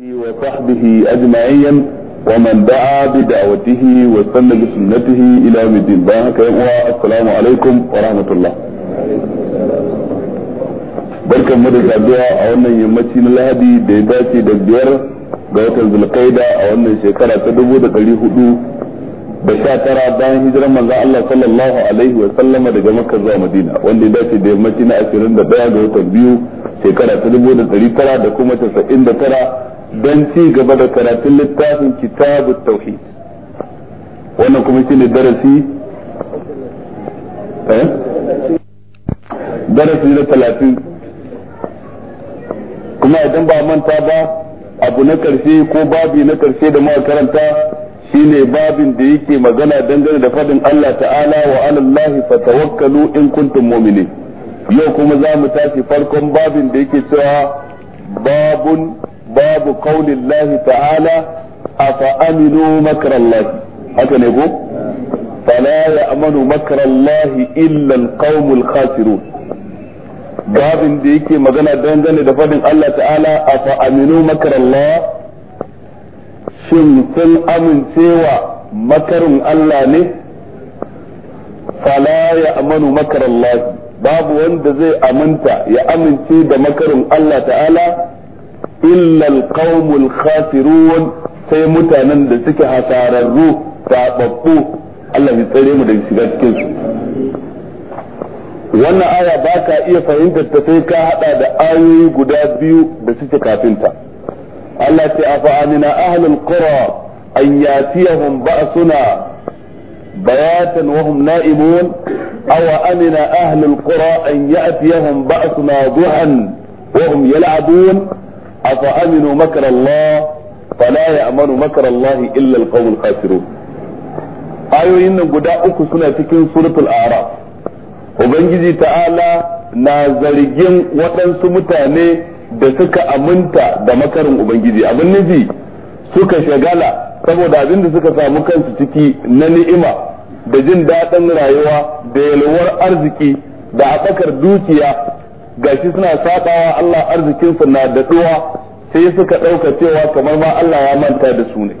وصحبه أجمعين ومن دعا بدعوته واستنى بسنته إلى يوم الدين بارك السلام عليكم ورحمة الله barkan mu da saduwa a wannan yammaci na lahadi da ya dace da biyar ga watan a wannan shekara ta dubu da da sha tara bayan hijiran manzo Allah sallallahu alaihi wa sallam daga Makka zuwa Madina wanda ya dace da yammaci na 21 ga watan biyu shekara ta 1900 da kuma 99 dan ci gaba da karatun littafin kitabut tauhid wannan kuma shine darasi eh darasi na 30 kuma idan ba manta ba abu na karshe ko babi na karshe da muka karanta shine babin da yake magana dangane da fadin Allah ta'ala wa alallahi fatawakkalu in kuntum mu'minin yau kuma za mu tashi farkon babin da yake cewa babun babu qaulillahi ta'ala afa aminu makrallahi haka ne ko fala ya'manu makrallahi illan alqaumul khasiru babin da yake magana dangane da fadin Allah ta'ala afa aminu makrallahi shin kun amincewa makarin Allah ne fala ya amanu makar Allah babu wanda zai aminta ya amince da makarin Allah ta'ala illa alqaumul khasirun sai mutanen da suke hasararru tababbu Allah ya tsare mu daga shiga cikin su wannan aya ba ka iya fahimtar ta sai ka hada da ayoyi guda biyu da suke kafinta التي أفأمن أهل القرى أن يأتيهم بأسنا بياتا وهم نائمون أو أمن أهل القرى أن يأتيهم بأسنا ضحى وهم يلعبون أفأمنوا مكر الله فلا يأمن مكر الله إلا القوم الخاسرون أيوين قداء سنة تكون سورة الأعراف وبنجزي تعالى نازل نازلجين وتنسو متانيه da suka aminta da makarin ubangiji abin nufi suka shagala saboda abin da suka samu kansu ciki na ni'ima da jin daɗin rayuwa da yalwar arziki da haɓakar dukiya gashi suna saɓawa Allah arzikinsu na daɗuwa sai suka ɗauka cewa kamar ma Allah ya manta da su ne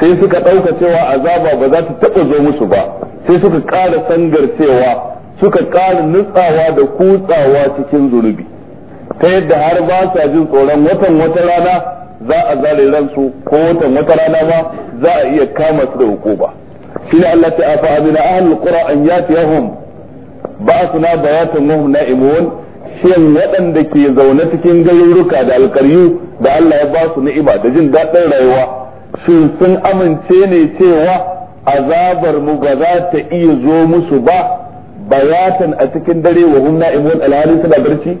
sai suka ɗauka cewa azaba ba za ta taɓa zo musu ba sai suka ƙara sangar cewa suka ƙara nutsawa da kutsawa cikin zunubi ta yadda har ba sa jin tsoron watan wata rana za a zare ransu ko watan wata rana ma za a iya kama su da hukuma shi ne Allah ta afa amina ahlul qura an yatiyahum ba'athuna bayatan wa na'imun shin waɗanda ke zaune cikin garuruka da alkaryu da Allah ya ba su ni'ima da jin daɗin rayuwa shin sun amince ne cewa azabar mu ba za ta iya zo musu ba bayatan a cikin dare wa hum na'imun alhali suna barci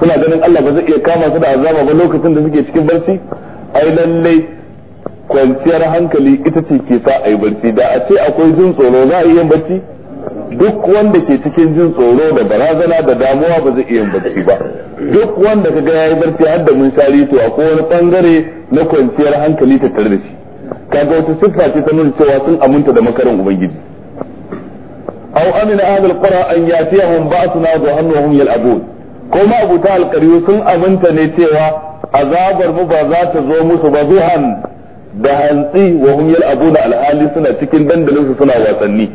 suna ganin Allah ba zai iya kama su da azaba ba lokacin da suke cikin barci ai lallai kwanciyar hankali ita ce ke sa a barci da a ce akwai jin tsoro za a iya barci duk wanda ke cikin jin tsoro da barazana da damuwa ba zai iya barci ba duk wanda ka ga ya yi barci har da mun shari to akwai wani bangare na kwanciyar hankali ta tare da shi kaga wata siffa ce ta nuna cewa sun aminta da makarin ubangiji au amina ahlul qura an yatiyahum ba'suna wa annahum yal'abun ko ma abuta sun aminta ne cewa azabar mu ba za ta zo musu ba zuhan da hantsi wa abu da alhali suna cikin dandalin su suna wasanni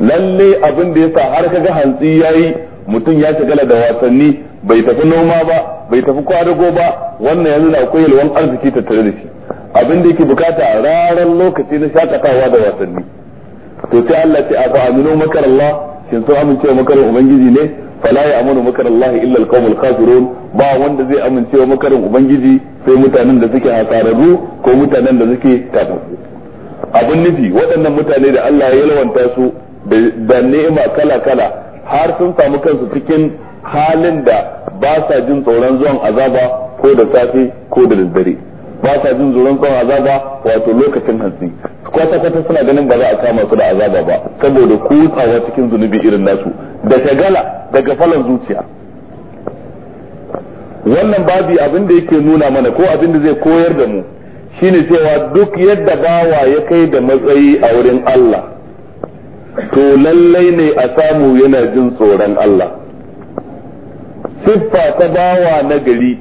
lalle abin da sa har kaga hantsi yayi mutum ya shagala da wasanni bai tafi noma ba bai tafi kwadago ba wannan yanzu na akwai yalwan arziki tattare da shi abin da yake bukata raran lokaci na shakatawa da wasanni to sai Allah ce a fa aminu makar Allah shin sun amince makarar ubangiji ne fala ya amanu makar Allah illa alqaumul kafirun ba wanda zai amince makarin ubangiji sai mutanen da suke hasararru ko mutanen da suke kafafu abun nufi waɗannan mutane da Allah ya lawanta su da ni'ima kala kala har sun samu kansu cikin halin da ba sa jin tsoron zuwan azaba ko da safe ko da daddare ba sa jin tsoron zuwan azaba wato lokacin hantsi kwata kwata suna ganin ba za a kama su da azaba ba saboda kutsawa cikin zunubi irin nasu da tagala daga falon zuciya wannan babi abin da yake nuna mana ko abin da zai koyar da mu shine cewa duk yadda bawa ya kai da matsayi a wurin Allah to lallai ne a samu yana jin tsoron Allah siffa ta bawa na gari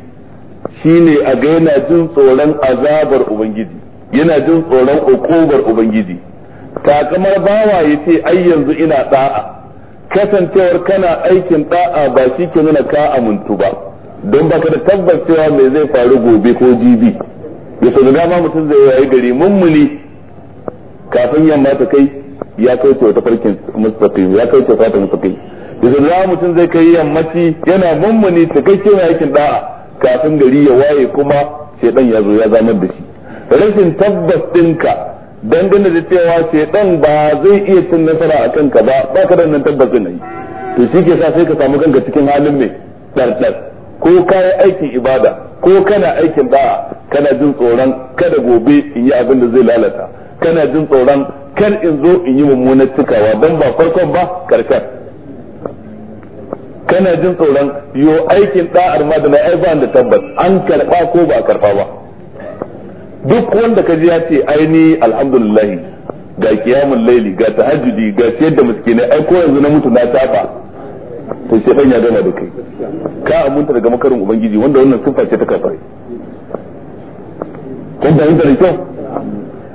shine a ga yana jin tsoron azabar ubangiji yana jin tsoron ukubar ubangiji takamar bawa yace ai yanzu ina da'a kasancewar kana aikin da'a ba shi ke nuna ka amintu ba don baka da tabbas cewa me zai faru gobe ko jibi ya so da mutum zai yayi gari mummuni kafin yamma ta kai ya kai ta farkin mustaqim ya kai ta fata mustaqim ya so dama mutum zai kai yammaci yana mummuni ta kai cewa aikin da'a kafin gari ya waye kuma shedan ya zo ya zamar da shi rashin tabbas dinka. dangane da cewa dan ba zai iya cin nasara a kanka ba ba ka da nan tabbacin nan to shi ke sa sai ka samu kanka cikin halin mai ɗarɗar ko ka yi aikin ibada ko kana aikin da kana jin tsoron kada gobe in yi abin da zai lalata kana jin tsoron kar in zo in yi mummunar cikawa dan ba farkon ba karkar kana jin tsoron yo aikin da'ar ma da na da tabbas an karba ko ba a karba ba duk wanda ka ji ya ce aini alhamdulillah ga kiyamun laili ga tahajjudi ga ciyar da miskinai ai ko yanzu na mutu na tafa to sai ban ya gama da kai ka amunta daga makarin ubangiji wanda wannan sifa ce ta kafare kun da da kyau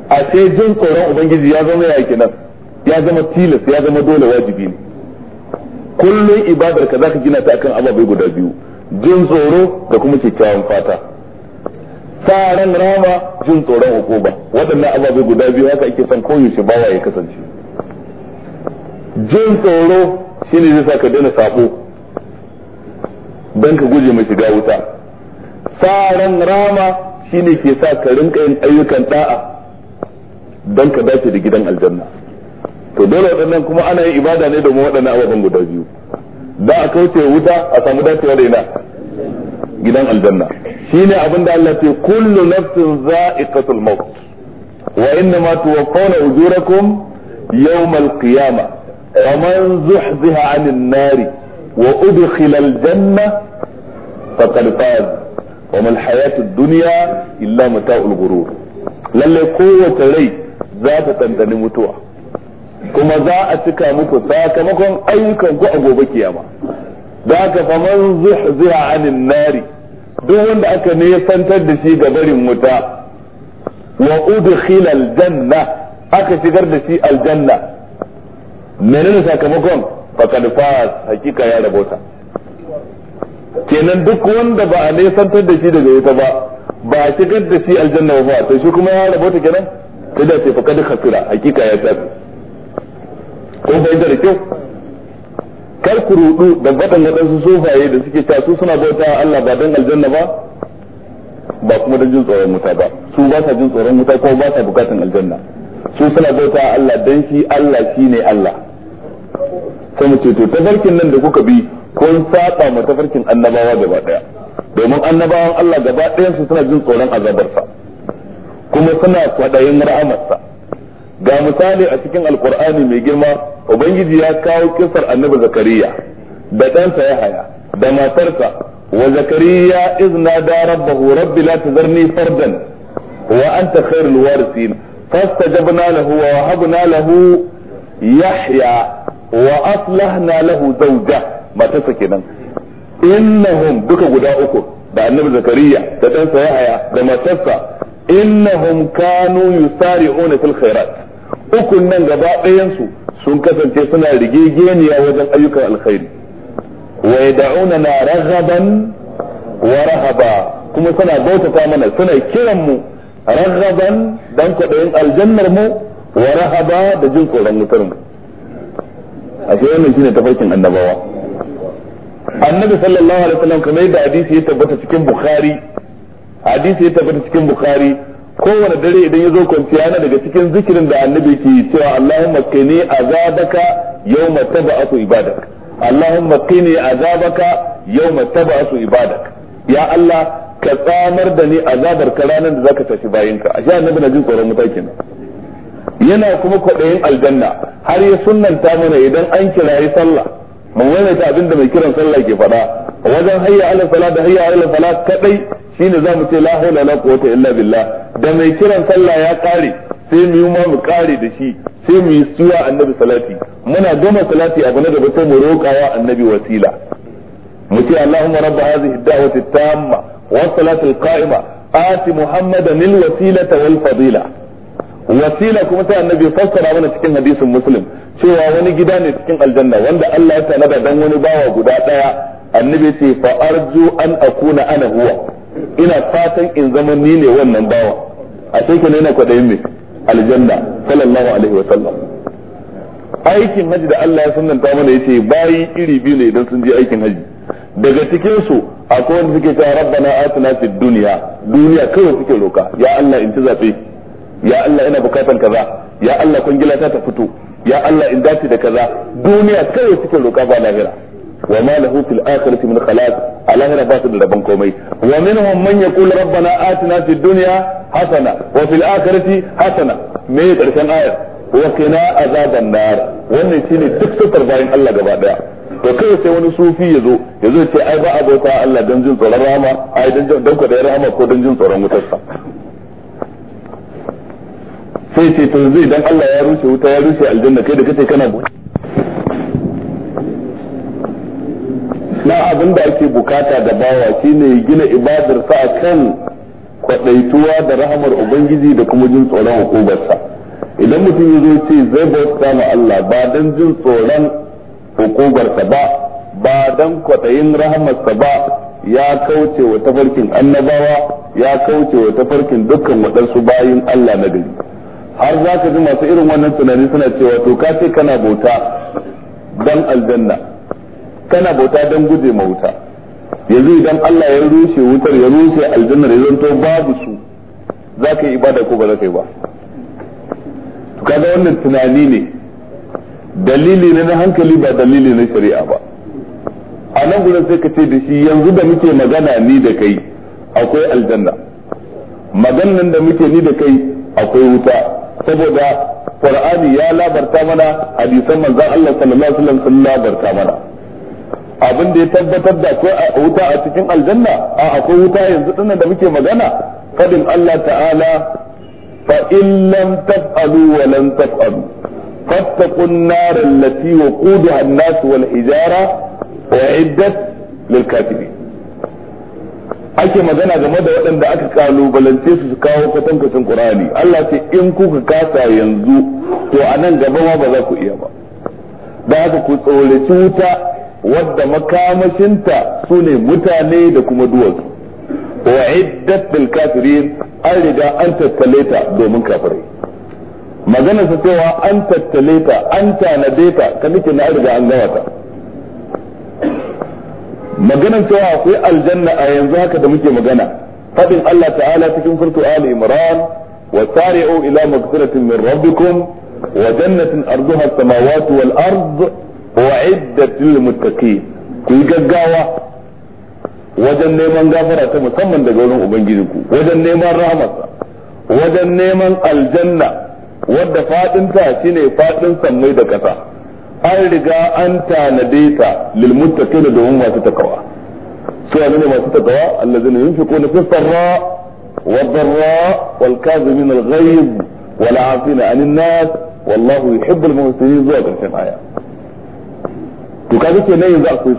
a sai jin tsoron ubangiji ya zama yake nan ya zama tilas ya zama dole wajibi ne kullum ibadar ka zaka gina ta akan ababai guda biyu jin tsoro da kuma kyakkyawan fata sa rama jin tsoron hukuma waɗannan ababe guda biyu haka ake son koyaushe bawa ya kasance jin tsoro shine zai sa ka daina sabo don ka guje mai shiga wuta tsaron rama shine ke sa ka rinka yin ayyukan da'a don ka dace da gidan aljanna to dole waɗannan kuma ana yin ibada ne domin waɗannan ababen guda biyu da a kauce wuta a samu dacewa da ina gidan aljanna shine abin da Allah ce kullu nafsin za'iqatul maut wa inna ma tuwaffawna ujurakum yawmal qiyamah faman zuhziha 'anil nari wa udkhila aljanna faqad faz wa mal hayatud dunya illa mata'ul ghurur lalle kowace rai za ta tantani mutuwa kuma za a cika muku sakamakon ayyukan ku a gobe kiyama da haka faman zuhziha anin nari duk wanda aka nesantar da shi ga barin wuta wa udkhila aljanna aka shigar da shi aljanna menene sakamakon faqad faz hakika ya rabota kenan duk wanda ba a nesantar da shi daga wuta ba ba a shigar da shi aljanna ba to shi kuma ya rabota kenan sai da ce faqad khasira hakika ya tafi ko bai da kyau kar ku rudu da gadan da su sofaye da suke ta su suna bauta Allah ba dan aljanna ba ba kuma da jin tsoron wuta ba su ba sa jin tsoron wuta ko ba sa bukatan aljanna su suna bauta Allah dan shi Allah shine Allah sai mu ce to tafarkin nan da kuka bi kun saba ma tafarkin annabawa gaba daya domin annabawan Allah gaba ɗayan su suna jin tsoron azabarsa kuma suna kwaɗayin ra'amarsa ga misali a cikin alkur'ani mai girma ubangiji ya kawo kisar annabi zakariya da ɗansa yahaya da matarsa wa zakariya izna da rabbahu rabbi la tazarni fardan wa anta khairul warisin fastajabna lahu wa wahabna lahu yahya wa aslahna lahu zawja matarsa kenan innahum duka guda uku da annabi zakariya da ɗansa yahaya da matarsa innahum kanu yusari'una fil khairat ukun nan gaba ɗayansu sun kasance suna rigegeniya wajen ayyukan alkhairi wa yad'una na raghaban wa rahaba kuma suna bautata mana suna kiran mu raghaban dan kwaɗayin aljannar mu wa rahaba da jin tsoron wutar mu ashe wannan shine tafarkin annabawa annabi sallallahu alaihi wasallam kamar yadda hadisi ya tabbata cikin bukhari hadisi ya tabbata cikin bukhari kowane dare idan ya zo kwanciya yana daga cikin zikirin da annabi ke yi cewa Allahumma qini azabaka yawma tab'atu ibadak Allahumma qini azabaka yawma tab'atu ibadak ya Allah ka tsamar da ni azabar ka ranar da zaka tashi bayinka ashe annabi na jin tsoron mutakin yana kuma kwaɗayin aljanna har ya sunnanta mana idan an kirayi sallah mun waiwaita abin da mai kiran sallah ke faɗa wajen hayya ala salat da hayya ala salat kadai shine zamu ce la haula la quwwata illa billah da mai kiran sallah ya kare sai mu yi mu kare da shi sai mu yi suya annabi salati muna gama salati abu na gaba sai mu wa annabi wasila mu ce allahumma rabb hadhihi ad-da'wati at-tamma was-salati al-qa'ima ati muhammadan al-wasilata wal-fadila wasila kuma sai annabi fassara mana cikin hadisin muslim cewa wani gida ne cikin aljanna wanda Allah ya tanada dan wani bawa guda daya annabi ce fa arju an akuna ana huwa ina fatan in zama ni ne wannan bawa a sai kenan yana kwadayin me aljanna sallallahu alaihi wa sallam aikin haji da Allah ya ta mana yace bayi iri biyu ne idan sun je aikin haji daga cikin su akwai wanda suke cewa rabbana atina fid dunya duniya kawai suke roka ya Allah in ci zabe ya Allah ina bukatan kaza ya Allah kwangila ta ta fito ya Allah in dace da kaza duniya kawai suke roka ba lahira wa ma lahu fil akhirati min khalaq alahira ba su da rabon komai wa minhum man yaqulu rabbana atina fid dunya hasana wa fil akhirati hasana me karshen ayar wa qina azaban nar wannan shine duk sufar bayan Allah gaba daya to kai sai wani sufi ya zo ya zo ce ai ba abota Allah dan jin tsoron rahama ai dan dan ko da rahama ko dan jin tsoron sai zai dan Allah ya rushe wuta ya rushe aljanna kai da kace kana na abin da ake bukata da bawa shine gina ibadarsa akan kwadaituwa da rahamar ubangiji da kuma jin tsoron hukubarsa idan mutum ya zo ce zai bauta ma Allah ba dan jin tsoron hukubarsa ba ba dan kwadayin rahamarsa ba ya kauce wa tafarkin annabawa ya kauce wa tafarkin dukkan waɗansu bayin Allah na gari har za ka ji masu irin wannan tunani suna cewa to ka ce kana bauta dan aljanna kana bauta don guje ma wuta yanzu idan Allah ya rushe wutar ya rushe aljanna ya zanto babu su za ka yi ibada ko ba za yi ba to kaga wannan tunani ne dalili ne na hankali ba dalili na shari'a ba a nan gudun sai ka ce da shi yanzu da muke magana ni da kai akwai aljanna maganan da muke ni da kai akwai wuta saboda qur'ani ya labarta mana hadisan manzon Allah sallallahu alaihi wasallam sun labarta mana abin da ya tabbatar da akwai wuta a cikin aljanna a akwai wuta yanzu dinnan da muke magana fadin Allah ta'ala fa in lam taf'alu wa lan taf'alu fattaqun nar allati waquduha an-nas wal hijara uiddat lil kafirin ake magana game da waɗanda aka kalubalance su su kawo kwatankwacin Qur'ani Allah ce in kuka kasa yanzu to a nan gaba ma ba za ku iya ba da haka ku tsoraci wuta wadda makamashinta su ne mutane da kuma duwatsu wa iddat bil kafirin an riga an tattale ta domin kafirai magana cewa an tattale ta an tanade ta ka nake na riga an gawa ta maganar cewa akwai aljanna a yanzu haka da muke magana fadin Allah ta'ala cikin surtu Ali Imran wa sari'u ila magfiratin min rabbikum wa jannatin arduha as-samawati wal ard وعدت للمتقين ku yi gaggawa wajen neman gafara ta musamman daga wurin ubangijinku wajen neman rahamarsa wajen neman aljanna wadda fadinta shine fadin sammai da ƙasa an riga an tanade ta lil muttaqin domin masu takawa su ne masu takawa allazina yunfiquna fi sarra wa dharra wal kazimin al ghayb wal afina anin nas wallahu yuhibbul muhsinin zuwa ƙarshen aya to ka ke nan yanzu akwai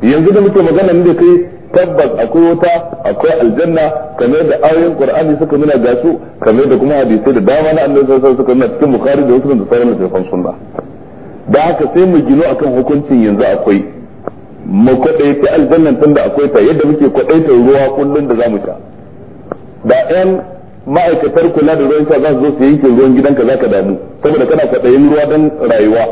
su yanzu da muke magana ne da kai tabbas akwai wuta akwai aljanna kamar da ayoyin qur'ani suka nuna ga su kamar da kuma hadisi da dama na annabi sallallahu suka nuna cikin bukhari da wasu da sauran littafan sunna da haka sai mu gino akan hukuncin yanzu akwai mu kwadaita aljannan tunda akwai ta yadda muke kwadaita ruwa kullun da zamu sha da ɗan ma'aikatar kula da ruwan sha za su zo su yanke ruwan gidanka zaka damu saboda kana kwadayin ruwa dan rayuwa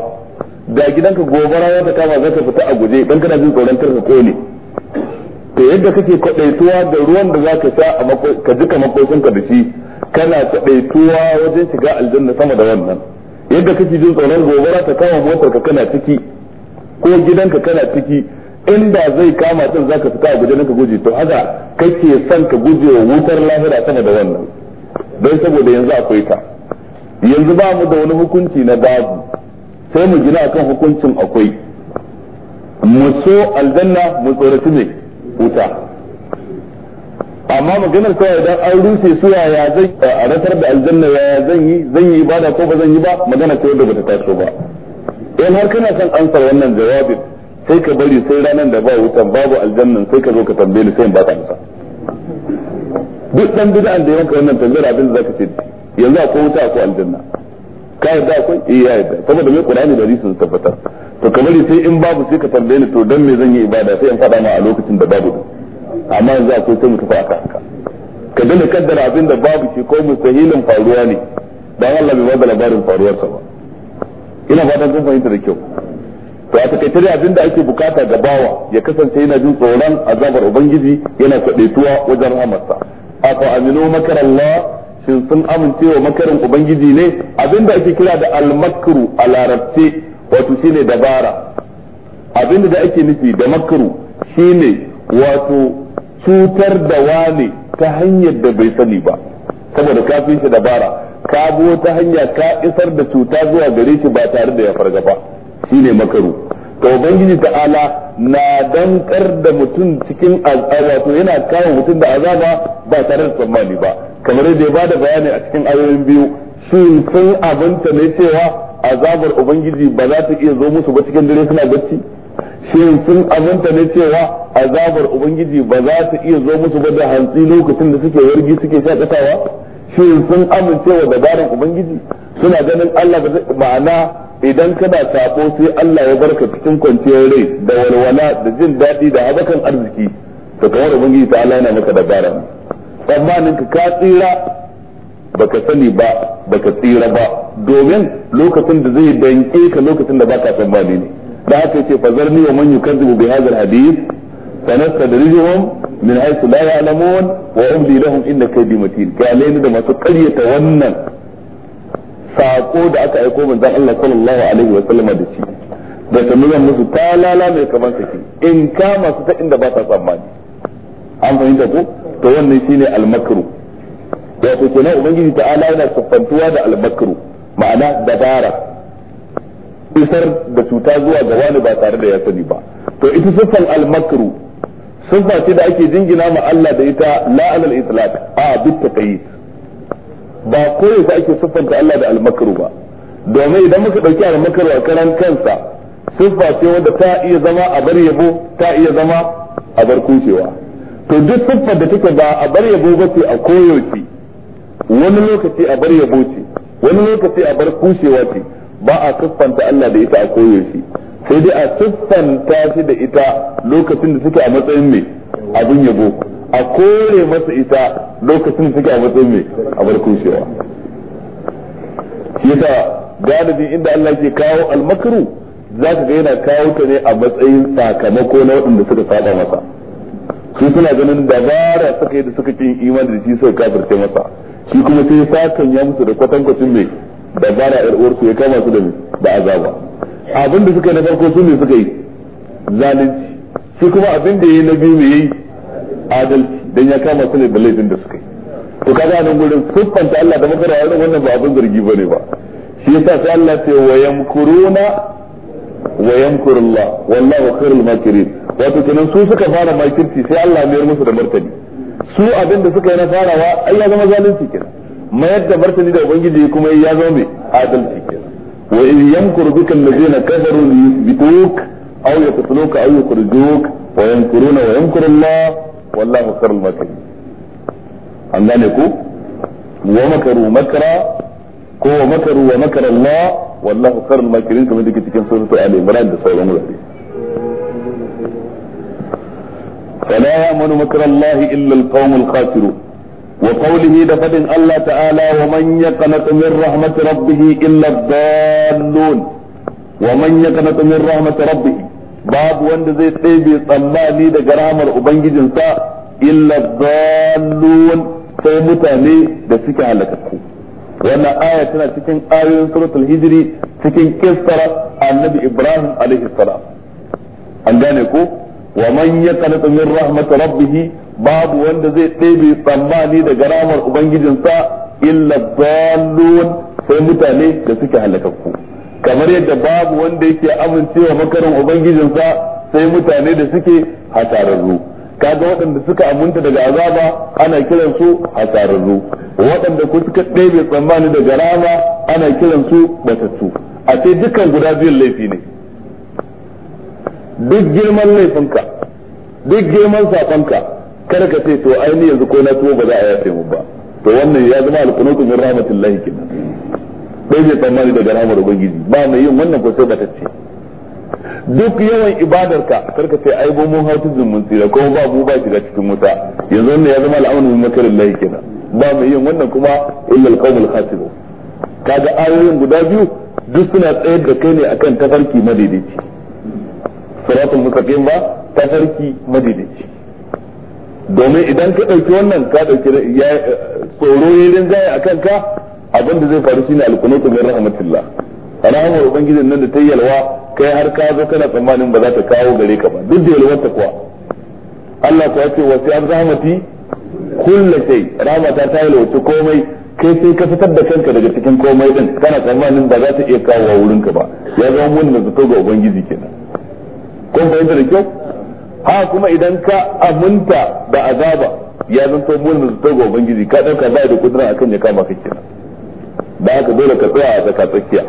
ga gidanka gobara ya ta kama zaka fita a guje dan kana jin tsoron karka kone to yadda kake kwadaituwa da ruwan da zaka sha a ka jika makocinka da shi kana kwadaituwa wajen shiga aljanna sama da wannan yadda kake jin tsoron gobara ta kama ka kana ciki ko gidanka kana ciki inda zai kama din zaka fita a guje ka guje to haka kake son ka guje wa wutar lahira sama da wannan don saboda yanzu akwai ta yanzu ba mu da wani hukunci na babu sai mu gina kan hukuncin akwai mu so aljanna mu tsoraci ne wuta amma maganar kawai idan an rufe su yaya zan a rasar da aljanna yaya zan yi zan yi ba da ko ba zan yi ba magana kawai da bata taso ba in har kana son ansar wannan jawabin sai ka bari sai ranar da ba wutan babu aljannan sai ka zo ka tambaye ni sai in baka amsa duk dan bid'an da yanka wannan tambayar abin da zaka ce yanzu akwai wuta akwai aljanna ka yarda akwai eh ya yarda saboda mai qur'ani da sun tabbatar to kamar sai in babu sai ka tambaye ni to dan me zan yi ibada sai in fada ma a lokacin da babu amma yanzu akwai sai mu tafi aka haka ka dana kaddara abin da babu shi ko mustahilin faruwa ne dan Allah bai bada labarin sa ba ina fatan kun fahimta da kyau to a takaice tare abin da ake bukata ga bawa ya kasance yana jin tsoron azabar ubangiji yana kwadaituwa wajen rahamarsa afa aminu makarallah shin sun amincewa makarin ubangiji ne abinda ake kira da almakru a larabce wato shine dabara abinda da ake nufi da makaru shine wato cutar da wane ta hanyar da bai sani ba saboda kafin shi dabara ka ta hanya ka isar da cuta zuwa gare shi ba tare da ya farga ba shine makaru to ubangiji ta'ala na dankar da mutum cikin azaba to yana kawo mutum da azaba ba tare da tsammani ba kamar yadda ya bada bayani a cikin ayoyin biyu sun sun abinta ne cewa azabar ubangiji ba za ta iya zo musu ba cikin dare suna bacci shin sun abinta ne cewa azabar ubangiji ba za ta iya zo musu ba da hantsi lokacin da suke wargi suke shakatawa shin sun amincewa dabaran ubangiji suna ganin Allah ma'ana idan kana sabo sai Allah ya barka cikin kwanciyar rai da walwala da jin daɗi da habakan arziki to kamar ubangiji ta Allah yana maka dabara tsammanin ka ka tsira baka sani ba baka tsira ba domin lokacin da zai danke ka lokacin da baka tsammani ne da haka yace fazarni wa man yukazzibu bi hadha alhadith sanastadrijuhum min haythu la ya'lamun wa umli lahum inna kaydi matin ni da masu karyata wannan sako da aka aiko zan Allah sallallahu alaihi wa sallam da shi da sannan musu talala mai kaman saki in ka masu ta inda ba ta tsammani an fahimta ko to wannan shine al wato kenan ubangiji ta'ala yana siffantuwa da al ma'ana dabara isar da cuta zuwa ga wani ba tare da ya sani ba to ita siffan al sun ce da ake jingina ma Allah da ita la'alal alal itlaq a bit taqyid ba koyi ake siffanta Allah da almakaru ba domin idan muka dauki almakaru a karan kansa siffa ce wanda ta iya zama a bar yabo ta iya zama a bar kushewa to duk siffar da take ba a bar yabo ba ce a koyaushe wani lokaci a bar yabo ce wani lokaci a bar kushewa ce ba a siffanta Allah da ita a koyaushe sai dai a siffanta shi da ita lokacin da suke a matsayin mai abin yabo a kore masa ita lokacin da take a matsayin mai a barkun shewa shi yasa galibi inda Allah ke kawo almakaru za ka ga yana kawo ta ne a matsayin sakamako na waɗanda suka saba masa su suna ganin dabara suka yi da suka kin imani da shi suka kafirce masa shi kuma sai sakan ya musu da kwatankwacin mai dabara yar uwarsu ya kama su da da azaba abin da suka yi na farko su ne suka yi zalunci shi kuma abin da ya yi na biyu mai yi adalci dan ya kama su ne da laifin da suka yi to kaga nan gurin siffanta Allah da makara yaron wannan ba abin zargi bane ba shi yasa sai Allah ce wa yamkuruna wa yamkurullah wallahu khairul makirin wato kenan su suka fara makirci sai Allah mayar musu da martani su abin da suka yi na farawa ai ya zama zalunci kenan mayar da martani da ubangiji kuma ya zama mai adalci wa in yamkuru bika allazina kafaru li yuthbituka aw yaqtuluka aw yukhrijuka wa yamkuruna wa yamkuru wallahu khairul makirin an gane ku wa makaru makra ko wa makaru wa makara Allah wallahu khairul makirin kamar da ke cikin فلا يأمن مكر الله إلا القوم الخاسرون وقوله دفد الله تعالى ومن يقنط من رحمة ربه إلا الضالون ومن يقنط من رحمة ربه babu wanda zai tsebe tsammani daga garamar ubangijinsa illa dallun sai mutane da suke halakakku wannan aya tana cikin ayoyin suratul hijri cikin kissar annabi ibrahim alaihi salam an gane ko wa man yaqnatu min rahmat rabbih babu wanda zai tsebe tsammani da garamar ubangijinsa illa dallun sai mutane da suke halakakku kamar yadda babu wanda yake amincewa makarin ubangijinsa sai mutane da suke hasararru kaga waɗanda suka aminta daga azaba ana kiran su hasararru waɗanda ku suka ɗebe tsammani daga rama ana kiran su batattu a ce dukkan guda biyun laifi ne duk girman laifinka duk girman sakonka kada ka ce to ainihin yanzu ko na tuwo ba za a yafe mu ba to wannan ya zama alkunutu rahmatullahi rahmatillahi kenan bai mai tsammani daga rahamar ubangiji ba mai yin wannan ko sai batacce duk yawan ibadarka karka ce ai gomo hautuzin mun tsira kuma ba mu ba shiga cikin wuta yanzu wannan ya zama al'amarin min makarin lahi kenan ba mai yin wannan kuma illa alqawmul khasirun kaga ayoyin guda biyu duk suna tsayar da kai ne akan tafarki madaidaici siratul mustaqim ba tafarki madaidaici domin idan ka ɗauki wannan ka ɗauki tsoro ya rinjaye akan ka. abin da zai faru shine alkunutu min rahmatillah hawa ubangijin nan da ta yalwa kai har ka zo kana tsammanin ba za ta kawo gare ka ba duk da yalwar ta kuwa Allah kuwa ce wa sai rahmati kullu shay rahmata ta ta komai kai sai ka fitar da kanka daga cikin komai din kana tsammanin ba za ta iya kawo wurin ka ba ya zama wani mai zato ga ubangiji kenan kun fahimta da kyau ha kuma idan ka aminta da azaba ya zanto mun da zato ga ubangiji ka dauka bai da kudura akan ya kama kake. kenan ba ka dole ka tsaya a tsaka tsakiya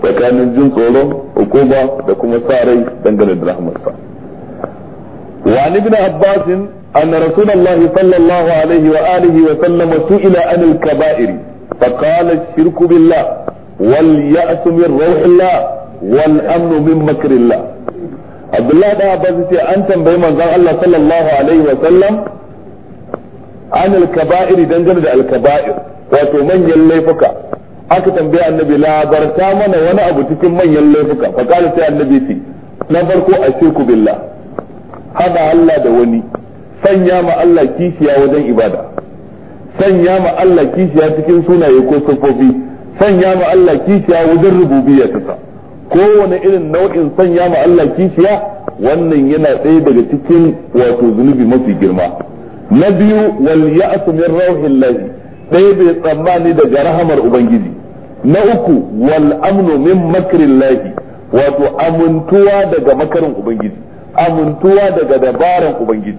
tsakanin jin tsoro hukuma da kuma sa rai dangane da rahmarsa wa ni ibn abbas an sallallahu alaihi wa alihi wa sallam su'ila an al kaba'ir fa qala shirku wal ya'su min ruhillah wal amn min makrillah Abdullah da Abbas ce an tambayi manzon Allah sallallahu alaihi wa sallam an al-kaba'ir dangane da al-kaba'ir wato manyan laifuka aka tambayi annabi labarta mana wani abu cikin manyan laifuka fa kala sai annabi ce na farko sheku billah hada Allah da wani sanya ma Allah kishiya wajen ibada sanya ma Allah kishiya cikin sunaye ko siffofi sanya ma Allah kishiya wajen rububiyya ta kowane irin nau'in sanya ma Allah kishiya wannan yana ɗaya daga cikin wato zunubi mafi girma na biyu wal ya'tu min rauhillahi ɗaya bai tsammani daga rahamar ubangiji na uku wal amnu min makrin wato amintuwa daga makarin ubangiji amintuwa daga dabaran ubangiji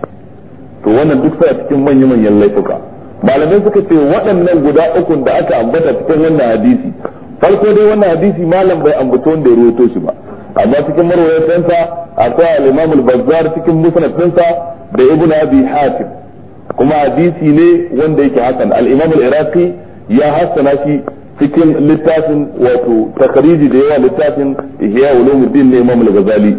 to wannan duk sai cikin manyan manyan laifuka malamai suka ce waɗannan guda ukun da aka ambata cikin wannan hadisi farko dai wannan hadisi malam bai ambato wanda ya rawaito shi ba amma cikin marwayatansa akwai al-Imam al-Bazzar cikin musnad da Ibn Abi Hatim kuma hadisi ne wanda yake hasan al-imam al-iraqi ya hassana shi cikin littafin wato takariji da yawa littafin ihya ulumuddin ne imam al-ghazali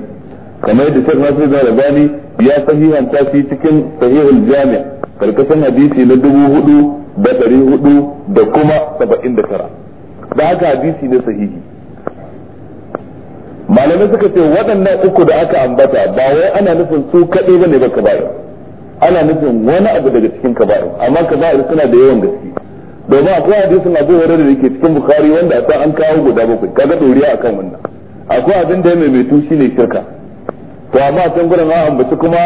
kamar yadda shek nasir da albani ya sahihanta shi cikin sahihul jami' karkashin hadisi na dubu hudu da dari hudu da kuma saba'in da tara da haka hadisi ne sahihi malamai suka ce waɗannan uku da aka ambata ba wai ana nufin su kaɗai ba ne ba ka bayar ana nufin wani abu daga cikin kabaru amma kaba'ir suna da yawan gaske domin akwai hadisin abu wara da yake cikin bukari wanda a an kawo guda bakwai kaga doriya akan wannan akwai abin da ya maimaitu shine shirka to amma a can gurin an ambaci kuma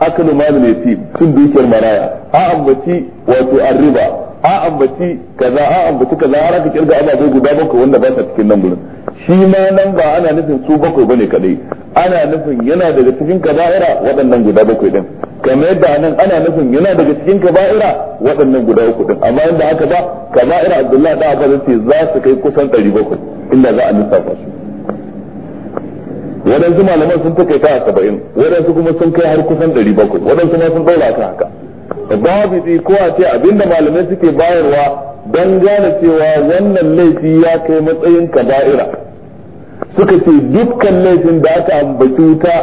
akalu malul yatim cin dukiyar maraya an ambaci wato riba. a ambaci kaza a ambaci kaza har aka kirga ababe guda bakwai wanda ba sa cikin nan gurin shi ma nan ba ana nufin su bakwai bane kadai ana nufin yana daga cikin kaza'ira waɗannan guda bakwai din kamar yadda nan ana nufin yana daga cikin kaza'ira waɗannan guda uku din amma inda aka ba kaza'ira Abdullahi da aka zace za su kai kusan 700 inda za a lissafa su waɗansu malaman sun ta kai ta saba'in 70 waɗansu kuma sun kai har kusan 700 waɗansu ma sun daura ta haka babu ko a ce abinda malamai suke bayarwa don gane cewa wannan laifi ya kai matsayin kaba'ira suka ce dukkan laifin da aka ambaci wuta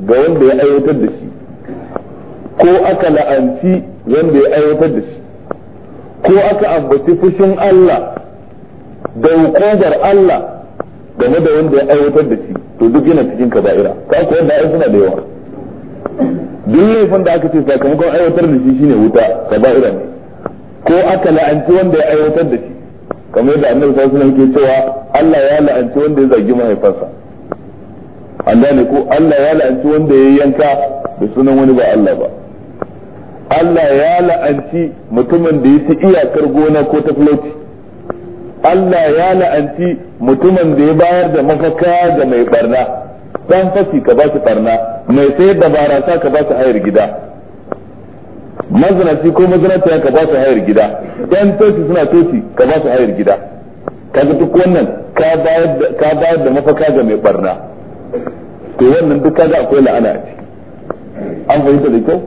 ga wanda ya aiwatar da shi ko aka la'anci wanda ya aiwatar da shi ko aka ambaci fushin Allah da hukumar Allah game da wanda ya aiwatar da shi to duk yana cikin kaba'ira ka ko wanda ai suna da yawa duk laifin da aka ce sakamakon aiwatar da shi shine wuta kaba'ira ne ko aka la'anci wanda ya aiwatar da shi kamar yadda annabi sallallahu alaihi wasallam ke cewa Allah ya la'anci wanda ya zagi mahaifarsa an gane ko Allah ya la'anci wanda ya yanka da sunan wani ba Allah ba Allah ya la'anci mutumin da ya ci iyakar gona ko ta floti Allah ya la'anci mutumin da ya bayar da mafaka ga mai barna dan fasi ka ba shi farna mai sayar da barasa ka ba shi hayar gida mazinaci ko mazinaciya ka ba shi hayar gida yan toshi suna toshi ka ba shi hayar gida kaga duk wannan ka bayar da mafaka ga mai barna to wannan duk kaga akwai la'ana a ciki an fahimta da kyau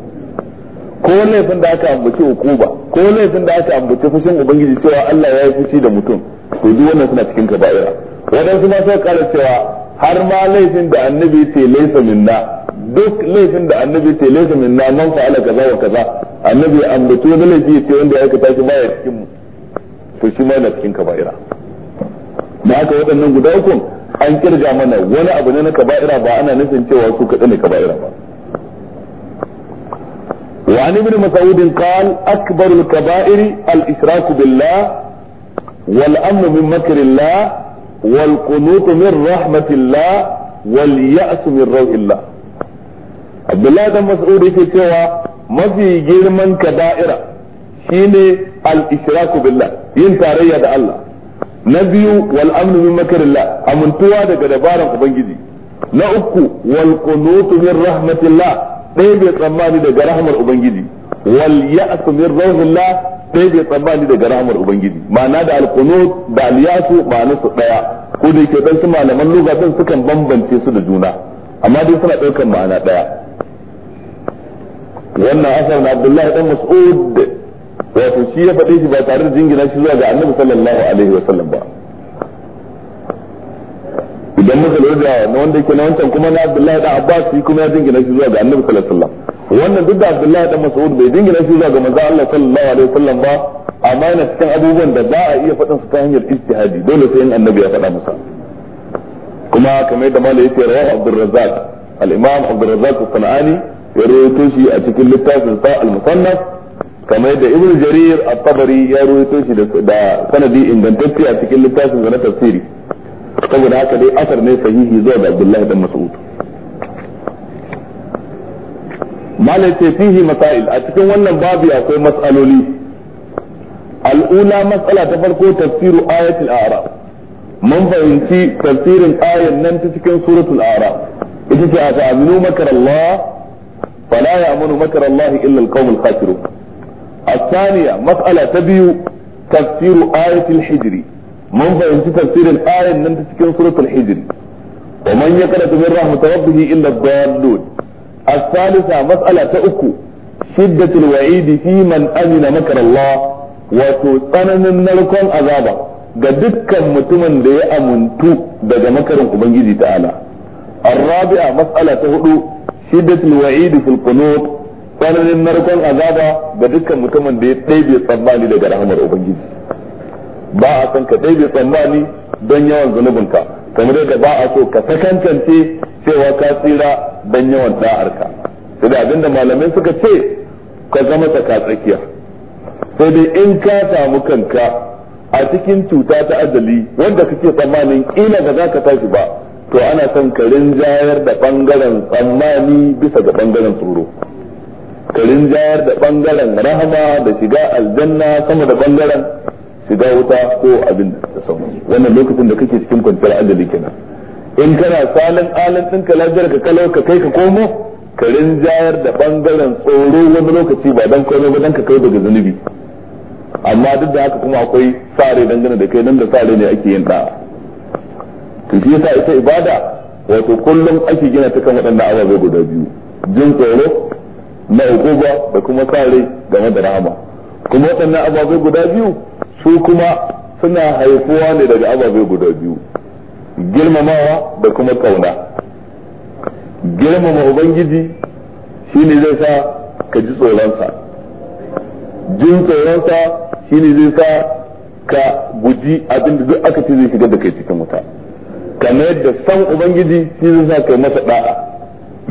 ko laifin da aka ambaci hukuma ko laifin da aka ambaci fushin ubangiji cewa Allah ya yi fushi da mutum to duk wannan suna cikin kaba'ira waɗansu ma sai ƙara cewa har ma laifin da annabi ce laifa minna duk laifin da annabi ce laifa minna man fa'ala kaza wa kaza annabi ambato na laifi ce wanda ya aikata shi baya cikin mu to shi ma yana cikin kaba'ira da haka waɗannan guda uku an kirga mana wani abu ne na kaba'ira ba ana nufin cewa su kaɗa ne kaba'ira ba وعن ابن مسعود قال أكبر الكبائر الإشراك بالله والأمن من مكر الله wal qunutu min rahmatillah wal ya'su min rauhillah Abdullahi dan Mas'ud yake cewa mafi girman kada'ira shine al-ishraku billah yin tarayya da Allah na biyu wal amnu min makarillah amintuwa daga dabaran ubangiji na uku wal qunutu min rahmatillah ɗaya bai tsammani daga rahmar ubangiji wal ya'ku min rawhillah sai bai tsammani daga rahmar ubangiji ma'ana da alqunut da alyasu ma'ana su daya ko da yake dan su malaman lugha din sukan bambance su da juna amma dai suna daukan ma'ana daya wannan asar na Abdullahi dan Mas'ud wato shi ya faɗe shi ba tare da jingina shi zuwa ga Annabi sallallahu alaihi wasallam ba idan muka lura da na wanda yake na wancan kuma na Abdullahi da Abbas shi kuma ya dingina shi zuwa ga Annabi sallallahu alaihi wasallam wannan duk da Abdullahi da Mas'ud bai dingina shi zuwa ga manzo Allah sallallahu alaihi wasallam ba amma yana cikin abubuwan da ba a iya faɗin su ta hanyar ijtihadi dole sai Annabi ya faɗa masa kuma kamar yadda malai yake rawahu Abdul Razzaq al-Imam Abdul Razzaq al-Sanani ya rawaito shi a cikin littafin sa al-Musannaf kamar yadda Ibn Jarir al tabari ya rawaito shi da sanadi ingantacce a cikin littafin sa na tafsiri saboda haka dai asar ne sahihi zuwa da Abdullah dan Mas'ud malai ce fihi masail a cikin wannan babu akwai mas'aloli al'ula mas'ala ta farko tafsiru ayatul ara. mun fahimci tafsirin ayan nan ta cikin suratul ara. ita ce a ta'aminu makar Allah فلا يأمن مكر الله إلا القوم الخاسرون الثانية مسألة تبيو تفسير آية الحجر mun fahimci tafsirin ayan nan ta cikin suratul hijr wa man yaqnatu min rahmatir rabbih illa ad-dallun الثالثة مسألة أكو شدة الوعيد في من أمن مكر الله وتطنن النركم أذابا ga dukkan mutumin da ya amuntu daga makarin ubangiji ta'ala الرابعة مسألة تهدو شدة الوعيد في القنوط tsananin narkon azaba ga dukkan mutumin da ya ɗaibe tsammani daga rahamar ubangiji ba a san ka daidai tsammani don yawan zunubinka kamar yadda ba a so ka sakantance cewa ka tsira don yawan da'arka sai da abinda malamai suka ce ka zama ka tsakiya sai dai in ka samu kanka a cikin cuta ta ajali wanda kake tsammanin kila ba za ka tashi ba to ana son ka rinjayar da bangaren tsammani bisa ga bangaren tsoro ka rinjayar da bangaren rahama da shiga aljanna sama da bangaren shiga wuta ko abin da sauran wannan lokacin da kake cikin kwanciyar ajali kenan in kana salin alin ɗinka lafiyar ka kalau ka kai ka komo ka rinjayar da bangaren tsoro wani lokaci ba dan komai ba dan ka kai daga zunubi amma duk da haka kuma akwai sare dangane da kai nan da sare ne ake yin da to shi yasa ita ibada wato kullum ake gina ta kan waɗannan ababai guda biyu jin tsoro na uquba da kuma sare game da rahama kuma waɗannan ababai guda biyu su kuma suna haifuwa ne daga ababe guda biyu girmamawa da kuma kauna girmama ubangiji shine zai sa ka ji tsoronsa jin tsoronsa shine zai sa ka guji abin da aka ce zai shiga da kai cikin wuta kamar yadda san ubangiji shi zai sa kai masa da'a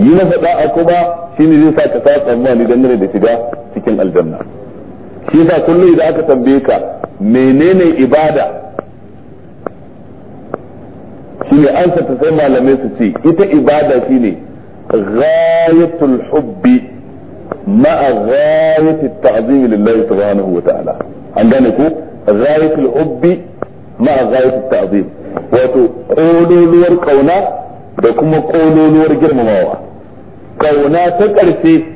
yi masa da'a kuma shine zai sa ka sa tsammani dangane da shiga cikin aljanna shi yasa kullum idan aka tambaye ka menene ibada shine an ta sai malamai su ce ita ibada shine ghayatul hubbi ma'a ghayati ta'zim lillahi subhanahu wa ta'ala an gane ko ghayatul hubbi ma'a ghayati ta'zim wato kololuwar kauna da kuma kololuwar girmamawa kauna ta ƙarshe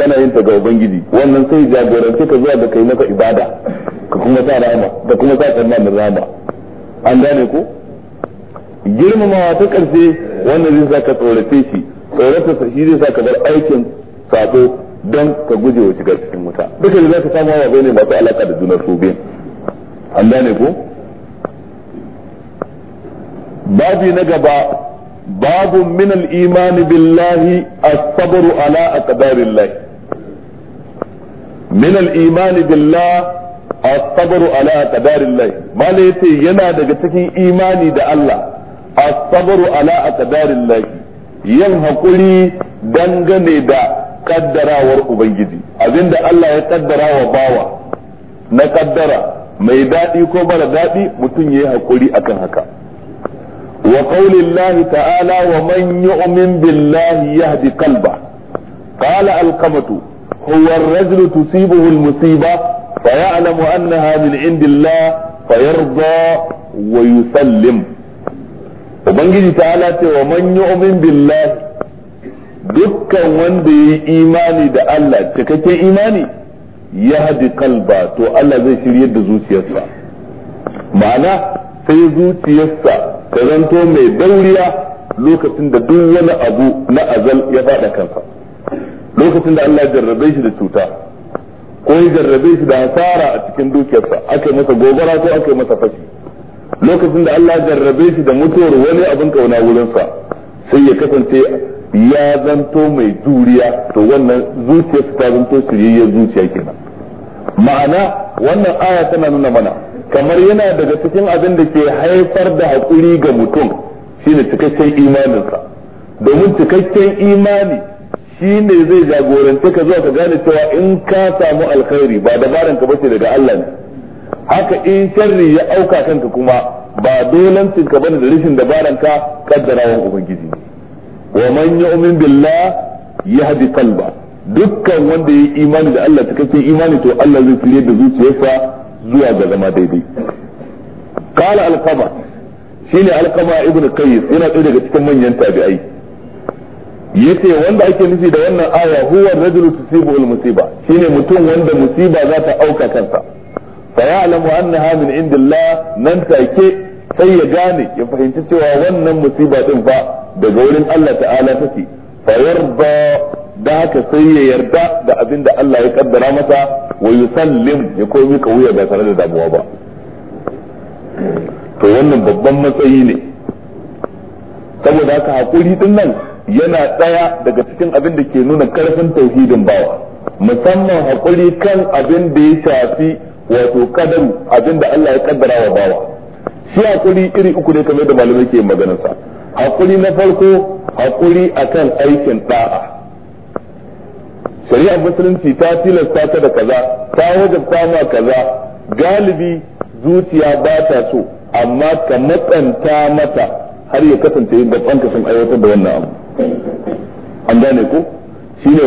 kana yin ta ga ubangiji wannan sai jagorance ka zuwa da kai maka ibada ka kuma sa rama da kuma sa da rama an gane ko girmamawa ta karshe wannan zai saka tsorace shi tsoratarsa shi zai saka bar aikin sako don ka guje wa shiga cikin wuta duka da za ka samu wa ne masu alaka da juna su biyan an gane ko babi na gaba babu minal imani billahi as-sabru ala aqdarillahi Minal imani billah as-sabru ala qadarillah mala yace yana daga cikin imani da Allah as-sabru ala qadarillah yin hakuri dangane da kaddarawar ubangiji abinda Allah ya kaddara wa bawa na kaddara mai daɗi ko mara daɗi mutum ya yi hakuri akan haka wa ta'ala wa man billahi yahdi qalba qala al-qamatu هو الرجل تصيبه المصيبة فيعلم أنها من عند الله فيرضى ويسلم وبنجي تعالى ومن يؤمن بالله dukkan wanda ya yi imani da Allah cikakken imani ya haɗi kalba to Allah zai shirya da zuciyarsa ma'ana sai zuciyarsa ta zanto mai dauriya lokacin da duk wani abu na azal ya faɗa kansa lokacin da Allah jarrabe shi da cuta ko ya jarrabe shi da hasara a cikin dukiyarsa aka masa gobara ko aka masa fashi lokacin da Allah jarrabe shi da mutuwar wani abin kauna wurinsa sai ya kasance ya zanto mai juriya to wannan zuciya ta zanto shiryayyar zuciya kenan ma'ana wannan aya tana nuna mana kamar yana daga cikin abin da ke haifar da hakuri ga mutum shine cikakken imaninsa domin cikakken imani shi ne zai jagorance ka zuwa ka gane cewa in ka samu alkhairi ba dabaran ka bace daga Allah ne haka in sharri ya auka kanka kuma ba dolancin ka bane da rashin dabaran ka kaddarawan ubangiji wa man yu'min billah yahdi qalba dukkan wanda ya imani da Allah cikakken imani to Allah zai tsire da zuciyarsa zuwa ga zama daidai qala al-qama shine al-qama ibnu qais yana ɗaya daga cikin manyan tabi'ai yace wanda ake nufi da wannan aya huwa rajulu tusibu al musiba shine mutum wanda musiba za ta auka kansa fa ya'lamu annaha min indillah nan take sai ya gane ya fahimci cewa wannan musiba din fa daga wurin Allah ta'ala take fa yarda da haka sai ya yarda da abin da Allah ya kaddara masa wa yusallim ya koyi mika wuya ba tare da damuwa ba to wannan babban matsayi ne saboda haka hakuri din nan yana ɗaya daga cikin abin da ke nuna karfin tauhidin bawa musamman hakuri kan abin da ya shafi wato kadaru abin da Allah ya kaddara wa bawa shi haƙuri iri uku ne kamar da malamai ke maganar sa hakuri na farko hakuri akan aikin da'a shari'a musulunci ta tilasta ta da kaza ta wajabta ma kaza galibi zuciya ba ta so amma ka matsanta mata har ya kasance babban ka sun aiwatar da wannan abu an gane ko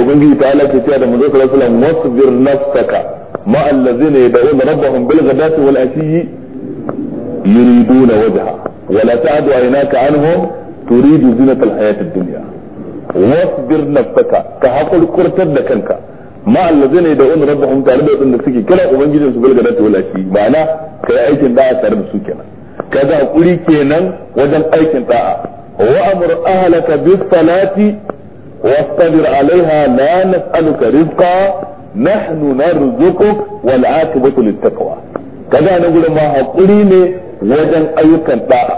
ubangiji ta Allah ke cewa da manzo sallallahu alaihi wasallam wasbir nafsaka ma allazina yad'una rabbahum bil ghadati wal yuriduna wajha wa la ta'du aynaka anhum turidu dunya wasbir nafsaka ka da kanka ma allazina yad'una rabbahum tare da suke kira ubangijinsu bil ghadati wal ashi ma'ana kai aikin da a tare da su kenan kaga hakuri kenan wajen aikin da'a wa amur ahlaka bis salati wastabir alaiha la nas'aluka rizqa nahnu narzuquk wal aqibatu lit taqwa kaga na gurin ma hakuri ne wajen ayyukan da'a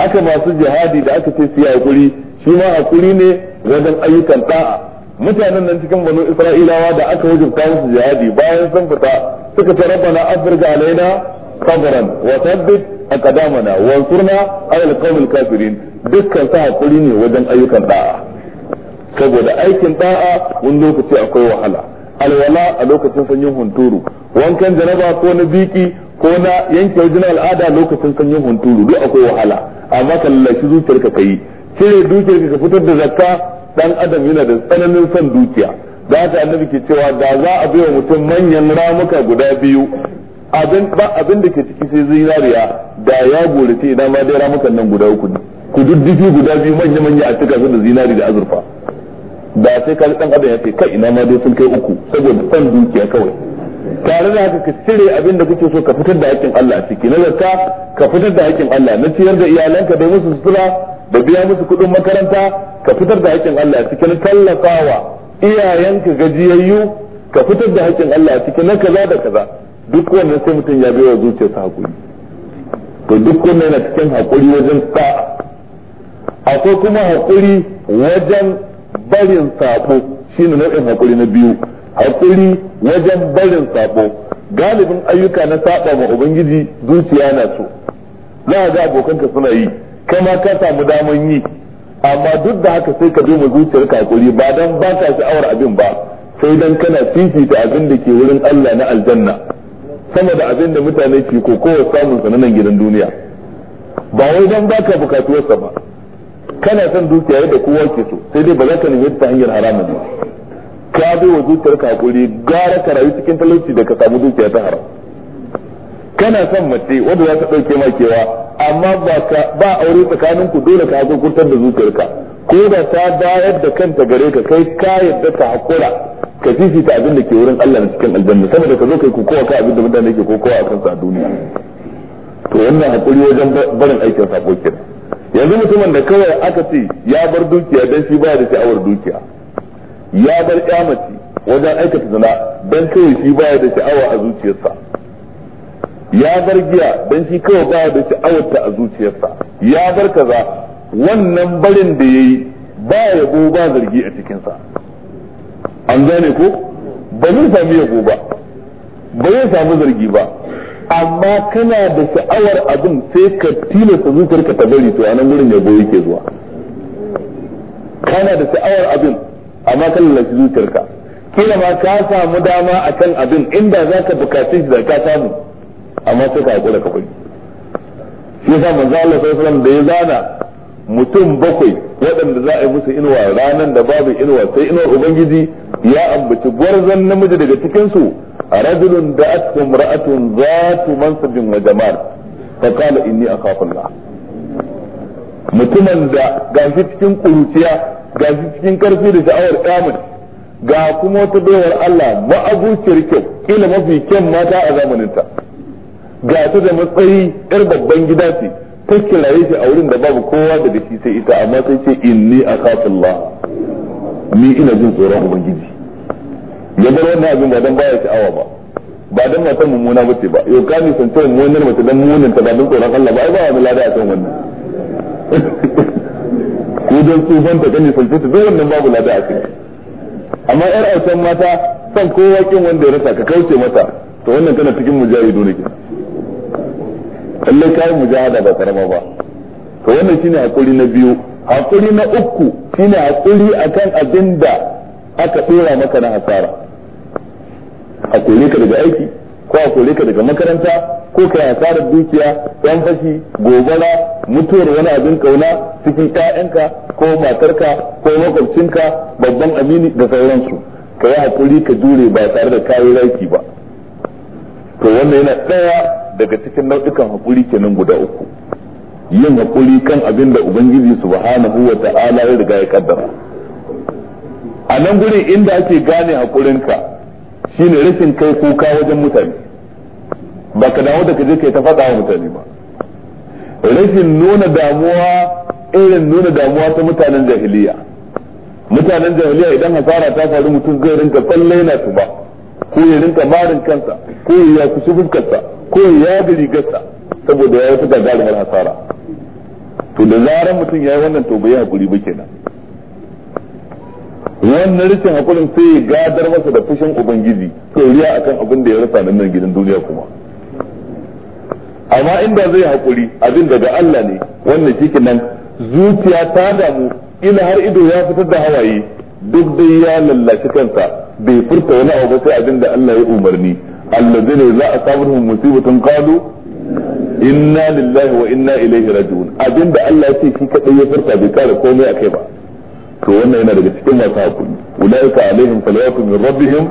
haka masu jihadi da aka ce su hakuri shi ma hakuri ne wajen ayyukan da'a mutanen nan cikin banu isra'ilawa da aka wajibta musu jihadi bayan sun fita suka ce rabbana afrika alaina sabran wa thabbit aqdamana wansurna ala alqawmil kafirin dukkan sa hakuri ne wajen ayyukan da'a saboda aikin da'a wani lokaci akwai wahala alwala a lokacin sanyin hunturu wankan janaba ko na biki ko na yanke wajen al'ada lokacin sanyin hunturu duk akwai wahala amma ka lallashi zuciyarka ka yi cire dukiyarka ka fitar da zakka dan adam yana da tsananin son dukiya da haka annabi ke cewa da za a bai wa mutum manyan ramuka guda biyu abin ba abin da ke ciki sai zinariya da ya gorace idan ma dai ramukan nan guda uku ne ku duddufi guda biyu manya manya a cika su da zinari da azurfa da sai ka dan adam ya ce kai ina ma dai sun kai uku saboda san dukiya kawai tare da haka ka cire abin da kake so ka fitar da haƙƙin Allah a ciki na zakka ka fitar da haƙƙin Allah na ciyar da iyalanka da musu sutura da biya musu kuɗin makaranta ka fitar da haƙƙin Allah a ciki na tallafawa iyayenka gajiyayyu ka fitar da haƙƙin Allah a ciki na kaza da kaza duk wannan sai mutum ya baiwa zuciyarsa hakuri to duk wannan yana cikin hakuri wajen sa. akwai kuma hakuri wajen barin sabo shine nau'in hakuri na biyu hakuri wajen barin sabo galibin ayyuka na saba ma ubangiji zuciya na so za a ga abokanka suna yi kama ka samu daman yi amma duk da haka sai ka zuciyar zuciyarka hakuri ba dan ba ka sha'awar abin ba sai dan kana fifita abin da ke wurin Allah na aljanna sama da abin da mutane ke kowa samun sananan gidan duniya ba wai don ba ka bukatuwarsa ba kana son dukiya yadda kowa ke so sai dai ba za ka nemi ta hanyar haramun ba ka bi wa zuciyarka hakuri gara ka rayu cikin talauci da ka samu dukiya ta haram kana son mace wanda za ta ɗauke ma kewa amma ba ka ba aure tsakanin ku dole ka kurtar da zuciyarka ko da ta bayar da kanta gare ka kai ka yadda ka hakura ka fifita abin da ke wurin Allah na cikin aljanna saboda ka zo kai kowa ka abin da mutane ke kokowa a kansa a duniya to wannan hakuri wajen barin aikin sako kenan yanzu mutumin da kawai aka ce ya bar dukiya dan shi baya da sha'awar dukiya ya bar kyamaci wajen aikata zina dan kawai shi baya da sha'awa a zuciyarsa ya bar giya dan shi kawai baya da sha'awar ta a zuciyarsa ya bar kaza wannan barin da yayi ba yabo ba zargi a cikinsa an gane ko ba zai sami yabo ba ba zai samu zargi ba amma kana da sha'awar abin sai ka tilasta zuciyarka ta bari to anan gurin yabo yake zuwa kana da sha'awar abin amma kan lalace zuciyarka kila ma ka samu dama akan abin inda za ka bukaci shi da ka samu amma sai ka haƙura ka bari shi yasa manzo Allah sallallahu alaihi wasallam da ya zana mutum bakwai waɗanda za a yi musu inuwa ranar da babu inuwa sai inuwar ubangiji ya ambaci gwarzon namiji daga cikinsu a rajulun da atkum ra'atun zatu mansabin wa jama'ar ta kala inni akhafullah mutumin da gasi cikin kuruciya gasi cikin karfi da sha'awar kamun ga kuma wata baiwar Allah ma'abuciyar kyau kila mafi kyan mata a zamaninta ga da matsayi yar babban gida ce kakkiraye shi a wurin da babu kowa da da shi sai ita amma sai ce inni akhafullah ni ina jin tsoron ubangiji ya bar wannan abin ba dan baya sha'awa ba ba dan matan mummuna bace ba yau ka ni san cewa munar mace dan munin ta ba dan tsoron Allah ba ai ba wani lada akan wannan ko dan tsufan ta gani san ta duk wannan babu lada a akan amma yar autan mata san kowa kin wanda ya rasa ka kauce mata to wannan kana cikin mujahidu ne kenan lallai kayan mujahada ba karama ba to wannan shine hakuri na biyu hakuri na uku shine hakuri akan abinda aka dora maka na hasara a kore ka daga aiki ko a kore ka daga makaranta ko kai hasarar dukiya ɗan fashi gobara mutuwar wani abin kauna cikin ƴaƴanka ko matarka ko makwabcinka babban amini da sauransu ka yi hakuri ka jure ba tare da kayi raiki ba to wannan yana ɗaya daga cikin nau'ikan hakuri kenan guda uku yin hakuri kan abin da ubangiji subhanahu wa ta'ala ya riga ya kaddara a nan gurin inda ake gane hakurinka shine rashin kai kuka wajen mutane ba ka dawo da kaje kai ta faɗa wa mutane ba rashin nuna damuwa irin nuna damuwa ta mutanen jahiliya mutanen jahiliya idan hasara ta faru mutum zai rinka tsalle na tuba ko ya rinka barin kansa ko ya kusa fuskarsa ko ya ga rigarsa saboda ya gagarin har hasara to da zaran mutum ya yi wannan to bai hakuri ba kenan wannan rikin hakurin sai ya gadar masa da fushin ubangiji riya akan abin da ya rasa nan gidan duniya kuma amma inda zai hakuri abin daga Allah ne wannan shi nan zuciya ta damu ila har ido ya fitar da hawaye duk dai ya lallashi kansa bai furta wani abu sai abin da Allah ya umarni alladhina idza asabatuhum musibatun qalu inna lillahi wa inna ilaihi raji'un abinda Allah ya ce shi kadai ya furta bai kare komai akai ba to wannan yana daga cikin masu hakuri ulaika alaihim salawatu min rabbihim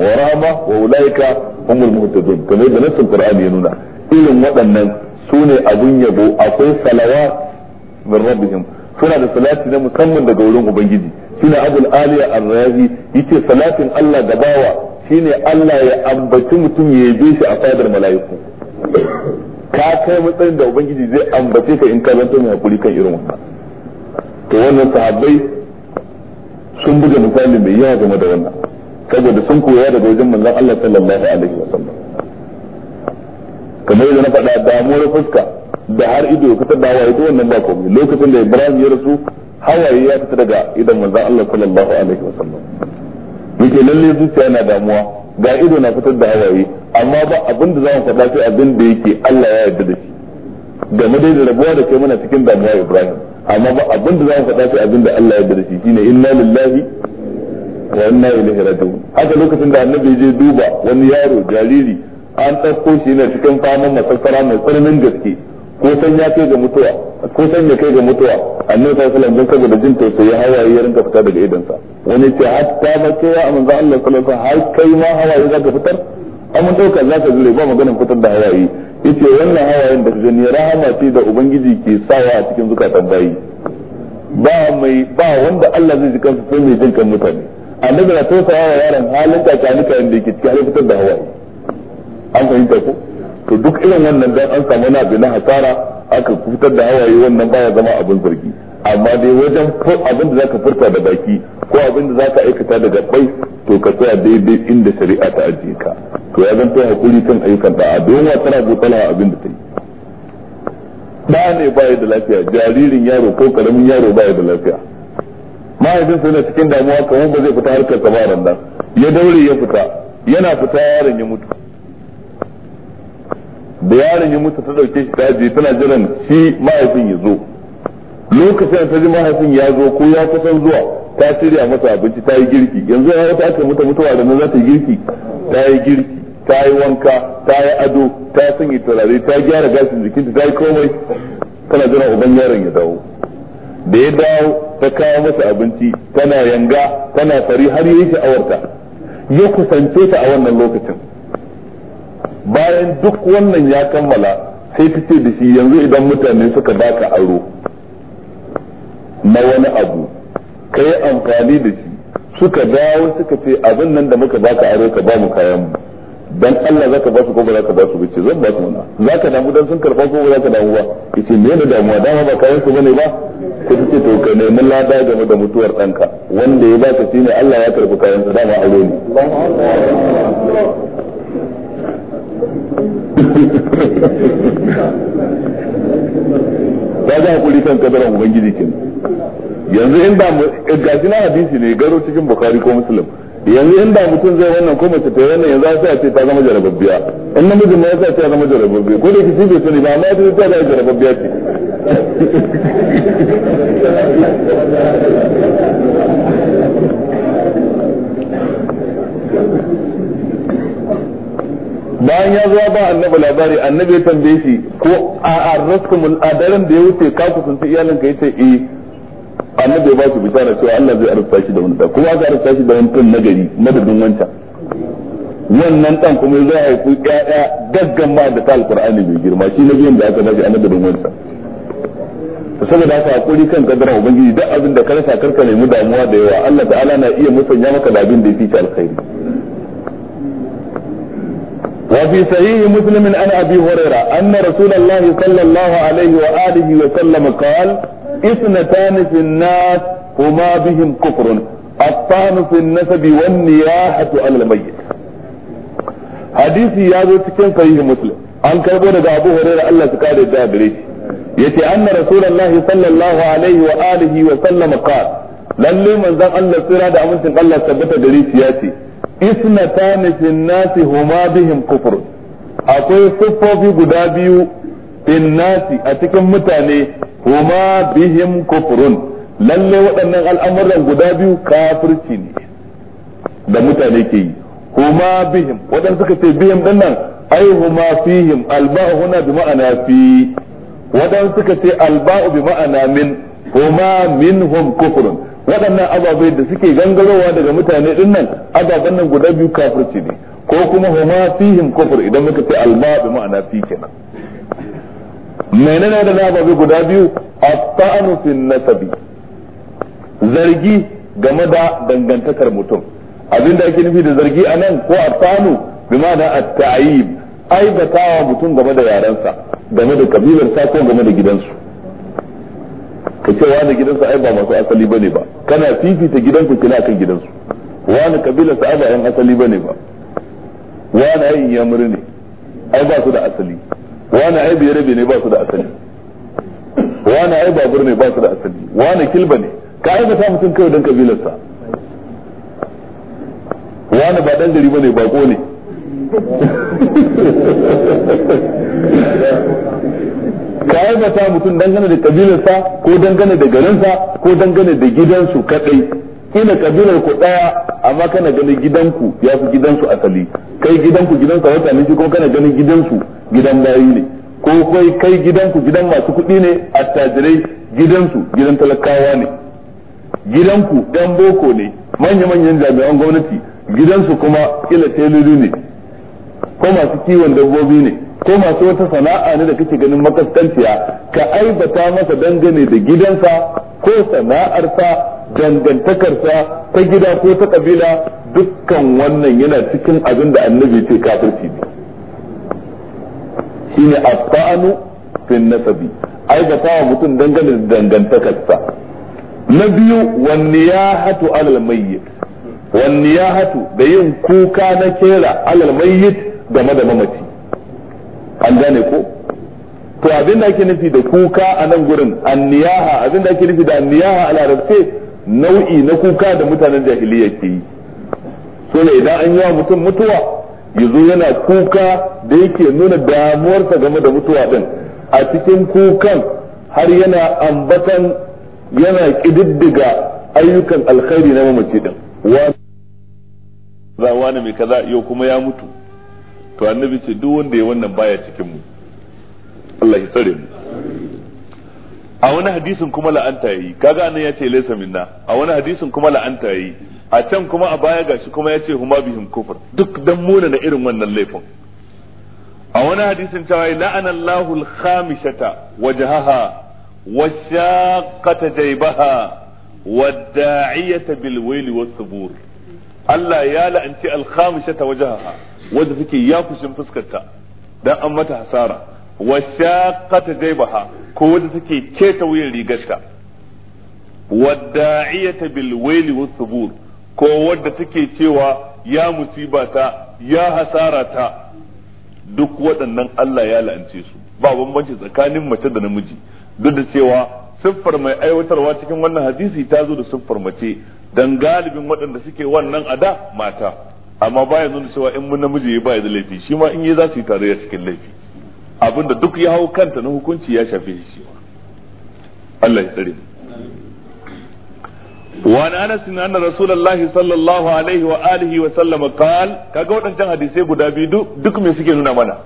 wa rahma wa ulaika humul muhtadun kamar da nassin qur'ani ya nuna irin waɗannan su ne abun yabo akwai salawa min rabbihim suna da salati na musamman daga wurin ubangiji shine abul aliya ar salatin Allah da bawa shine Allah ya ambaci mutum ya yabe shi a fadar mala'iku ka kai matsayin da ubangiji zai ambace ka in ka zanto mai hakuri kan irin wannan to wannan sahabbai sun buga misali mai yawa game da wannan saboda sun koya daga wajen manzon Allah sallallahu alaihi wasallam kamar yadda na faɗa damuwar fuska da har ido ka tada wa ido wannan ba komai lokacin da Ibrahim ya rasu hawaye ya fita daga idan manzon Allah sallallahu alaihi wasallam yake lalle zuciya na damuwa ga ido na fitar da hawaye amma ba abin da za mu faɗa sai abin da yake Allah ya yarda da shi game da rabuwa da kai muna cikin damuwa Ibrahim amma ba abin da za faɗa sai abin da Allah ya yarda da shi shine inna lillahi wa inna ilaihi raji'un haka lokacin da annabi je duba wani yaro jariri an ɗauko shi ne cikin faman masassara mai tsananin gaske ko san ya kai ga mutuwa ko san ya kai ga mutuwa annabi sallallahu alaihi wasallam kaga saboda jin tausayi hawaye ya rinka fita daga idansa wani ce hatta ba ce ya manzo Allah sallallahu alaihi wasallam har kai ma hawaye zaka fitar amma dauka zaka zule ba maganin fitar da hawaye yace wannan hawayen da ne rahama ce da ubangiji ke sawa a cikin zukatan bayi ba mai ba wanda Allah zai ji kansa sai mai jin kan mutane annabi tausaya wa yaron halin kakanika inda yake cikin fitar da hawaye an fahimta ko to duk irin wannan dan an samu na bi na hasara aka fitar da hawaye wannan baya zama abin zargi amma dai wajen abin da zaka furta da baki ko abin da zaka aikata daga bai to ka tsaya daidai inda shari'a ta ajiye ka to ya zanto hakuri kan ayyukan da a don wata rabu tana abin da ta yi da ne ba da lafiya jaririn yaro ko karamin yaro ba da lafiya mahaifinsa yana cikin damuwa kamar ba zai fita harkar sa ba nan ya daure ya fita yana fita yaron ya mutu da yaron ya mutu ta dauke shi ta je tana jiran shi mahaifin ya zo lokacin ta ji mahaifin ya zo ko ya kusan zuwa ta shirya masa abinci ta yi girki yanzu ya ta ce mutu mutuwa da nan za ta yi girki ta yi girki ta yi wanka ta yi ado ta sanya turare ta gyara gashin jikinta ta yi komai tana jiran uban yaron ya dawo da ya dawo ta kawo masa abinci tana yanga tana fari har ya yi sha'awarta ya kusance ta a wannan lokacin bayan duk wannan ya kammala sai ta ce da shi yanzu idan mutane suka baka aro na wani abu ka yi amfani da shi suka dawo suka ce abin nan da muka baka aro ka ba mu kayan mu dan Allah zaka ba su ko ba zaka ba su bace zan ba su na zaka damu dan sun karba ko ba zaka damu ba yace me ne damuwa dama ba kayan su bane ba ko tace to ka nemi lada game da mutuwar danka wanda ya baka shine Allah ya karbi kayan su dama aro ne ba za ku kan kadaran ubangiji kin yanzu in ba eh, ga shi na hadisi ne garo cikin bukari ko muslim yanzu in ba mutum zai wannan ko mace ta wannan yanzu sai a ce ta zama jarababbiya in namijin ma yasa ta zama jarababbiya ko da kici bai sani ba amma ta zama jarababbiya ce bayan ya zo ba annabi labari annabi ya tambaye shi ko a arraskum a daren da ya wuce ka kusanci iyalin ka yace eh annabi ya ba shi bishara cewa Allah zai arsa shi da wani da kuma zai arsa shi da wani tun nagari madadin wancan wannan dan kuma zai haifi ƴaƴa daggan ma da alqur'ani mai girma shi na da aka dace annabi da wancan saboda haka hakuri kan kadara ubangiji duk abin da ka rasa karka nemi damuwa da yawa Allah ta'ala na iya musanya maka da abin da ya alkhairi وفي صحيح مسلم عن ابي هريره ان رسول الله صلى الله عليه واله وسلم قال: اثنتان في الناس هما بهم كفر الطعن في النسب والنياحة على الميت. حديثي يا ابو تكن صحيح مسلم عن كربون ابو هريره الله تكاد الدابري يتي ان رسول الله صلى الله عليه واله وسلم قال: للي من ذا الله سيرا دا امنتن الله ثبت دريسياتي isnatan fi nasi huma bihim kufr akwai siffofi guda biyu fin nasi a cikin mutane huma bihim kufrun lalle waɗannan al'amuran guda biyu kafirci ne da mutane ke yi huma bihim waɗanda suka ce bihim din nan ai huma fihim alba'u huna bi ma'ana fi waɗanda suka ce alba'u bi ma'ana min huma minhum kufrun waɗannan ababai da suke gangarowa daga mutane din nan ababen nan guda biyu kafirci ne ko kuma huma fihim kufur idan muka ce alba bi ma'ana fi kenan menene da ababai guda biyu at-ta'anu nasabi zargi game da dangantakar mutum abinda ake nufi da zargi anan ko at-ta'anu bi ma'ana at ta'ayi aibatawa mutum game da yarensa game da kabilarsa ko game da gidansu ka ce wani gidansa ai ba masu asali bane ba kana fifita gidansu kina kan gidansu wani kabilarsa ai ba yan asali bane ba wani ai ya ne ai ba su da asali wani ai biyarabe ne ba su da asali wani ai babur ne ba su da asali wani kilba ne ka ta mutum kawai don kabilarsa wani ba dan gari bane bako ne ya aibata mutum dangane da kabilarsa ko dangane da garinsa ko dangane da gidansu kadai ina kabilar ku daya amma kana ganin gidanku ya fi gidansu asali kai gidanku gidansa wata ne shi kuma kana ganin gidansu gidan bayi ne ko kai kai gidanku gidan masu kuɗi ne attajirai gidansu gidan talakawa ne gidanku dan boko ne manya-manyan jami'an gwamnati gidansu kuma kila teloli ne ko masu kiwon dabbobi ne ko masu wata sana'a ne da kake ganin makaskanciya ka aibata masa dangane da gidansa ko sana'arsa dangantakarsa ta gida ko ta kabila dukkan wannan yana cikin abin da annabi ce kafirci ne shine afanu fin nasabi aibata wa mutum dangane da dangantakarsa na biyu wanne ya hatu alal mayyit wanne ya hatu da yin kuka na kera alal mayyit game da mamaci an gane ko to abin da ake nufi da kuka a nan gurin anniyaha abin da ake nufi da anniyaha a larabce nau'i na kuka da mutanen jahiliya ke yi so ne idan an yi wa mutum mutuwa yazo yana kuka da yake nuna damuwarsa game da mutuwa din a cikin kukan har yana ambatan yana kididdiga ayyukan alkhairi na mamaci din wa zawana mai kaza yau kuma ya mutu to annabi ce duk wanda ya wannan baya cikin mu Allah ya tsare mu a wani hadisin kuma la'anta yayi kaga nan ya ce laysa minna a wani hadisin kuma la'anta yayi a can kuma a baya gashi kuma ya ce huma bihim kufr duk dan muna na irin wannan laifin a wani hadisin cewa la'ana Allahu al-khamisata wajhaha washaqata jaybaha wa daiyata bil-wayli was-subur Allah ya la'anci al-khamisata wajhaha wanda suke yafushin fuskarta dan an mata hasara wa shaqata jaybaha ko wanda suke keta wuyan rigarta da'iyata bil waili wa subur ko wanda take cewa ya musiba ta ya hasara ta duk waɗannan Allah ya la'ance su ba bambanci tsakanin mace da namiji duk da cewa siffar mai aiwatarwa cikin wannan hadisi ta zo da siffar mace dan galibin waɗanda suke wannan ada mata amma baya nuna cewa in mun namiji ya baya da laifi shi ma in yi za su yi ya cikin laifi abinda duk ya hau kanta na hukunci ya shafe shi shi Allah ya tsare وعن انس ان رسول alaihi wa alihi wa sallama وسلم قال kaga hadisai guda biyu duk me suke nuna mana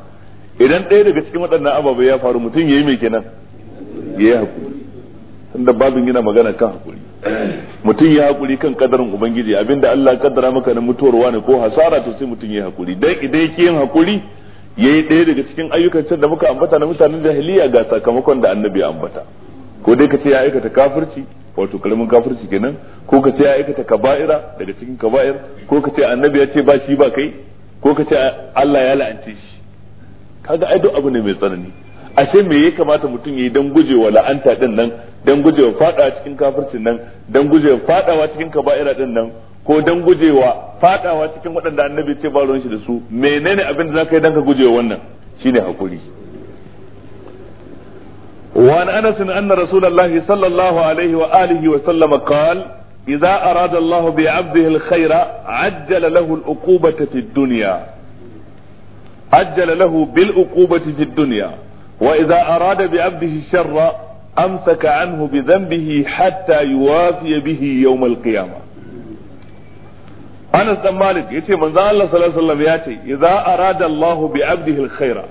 idan ɗaya daga cikin waɗannan ababai ya faru mutum ya yi mai kenan yi hakuri tunda babin yana magana kan hakuri mutum ya hakuri kan kadarin ubangiji abinda Allah kaddara maka na mutuwarwa ne ko hasara to sai mutum ya hakuri dan idan yake yin hakuri yayi ɗaya daga cikin ayyukan can da muka ambata na mutanen jahiliya ga sakamakon da annabi ambata ko dai ka ce ya aikata kafirci wato karamin kafirci kenan ko ka ce ya aikata kaba'ira daga cikin kaba'ir ko ka ce annabi ya ce ba shi ba kai ko ka ce Allah ya la'ance shi kaga ai duk abu ne mai tsanani ashe me ya kamata mutum ya yayi dan gujewa la'anta din nan Don gujewa fadawa cikin kafircin nan don gujewa fadawa cikin kaba'ira din nan ko don gujewa fadawa cikin waɗanda annabi ce ba ruwan shi da su menene abin da zaka yi don ka gujewa wannan shine hakuri وعن انس ان رسول الله صلى الله عليه واله وسلم قال: اذا اراد الله بعبده الخير عجل له العقوبة في الدنيا. عجل له بالعقوبة في الدنيا واذا اراد amsaka anhu bi dhanbihi hatta yuwafiya bihi yawm al-qiyamah Anas dan Malik yace manzon Allah sallallahu ya ce idza arada Allahu bi 'abdihi al-khaira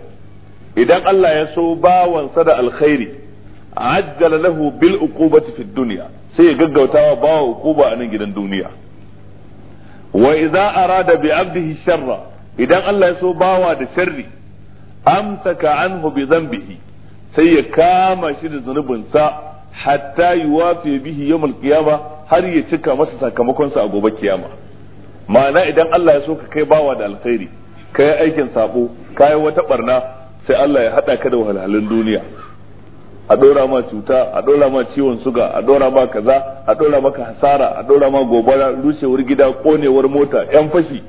idan Allah ya so bawansa da alkhairi ajjala lahu bil uqubati fid dunya sai ya gaggautawa bawa uquba a nan gidan duniya wa idza arada bi 'abdihi sharra idan Allah ya so bawa da sharri amsaka anhu bi dhanbihi sai ya kama shi da zunubinsa hatta yuwafi bihi yawmal qiyama har ya cika masa sakamakonsa a gobe kiyama ma'ana idan Allah ya so ka kai bawa da alkhairi kai aikin sabo kai wata barna sai Allah ya hada ka da wahalhalun duniya a dora ma cuta a dora ma ciwon suga a dora ma kaza a dora maka hasara a dora ma gobara rushewar gida konewar mota yan fashi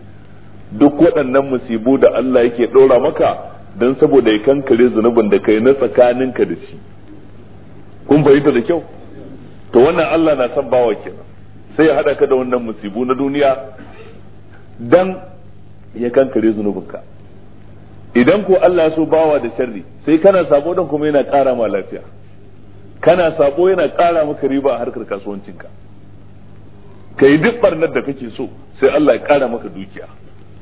duk waɗannan musibu da Allah yake dora maka don saboda ya kankare zunubin da kai na tsakaninka da shi kun fahimta da kyau to wannan Allah na son bawa kenan sai ya hada ka da wannan musibu na duniya dan ya kankare zunubinka idan ko Allah ya so bawa da sharri sai kana sabo dan kuma yana ƙara ma lafiya kana sabo yana ƙara maka riba a harkar kasuwancinka kai duk barnar da kake so sai Allah ya ƙara maka dukiya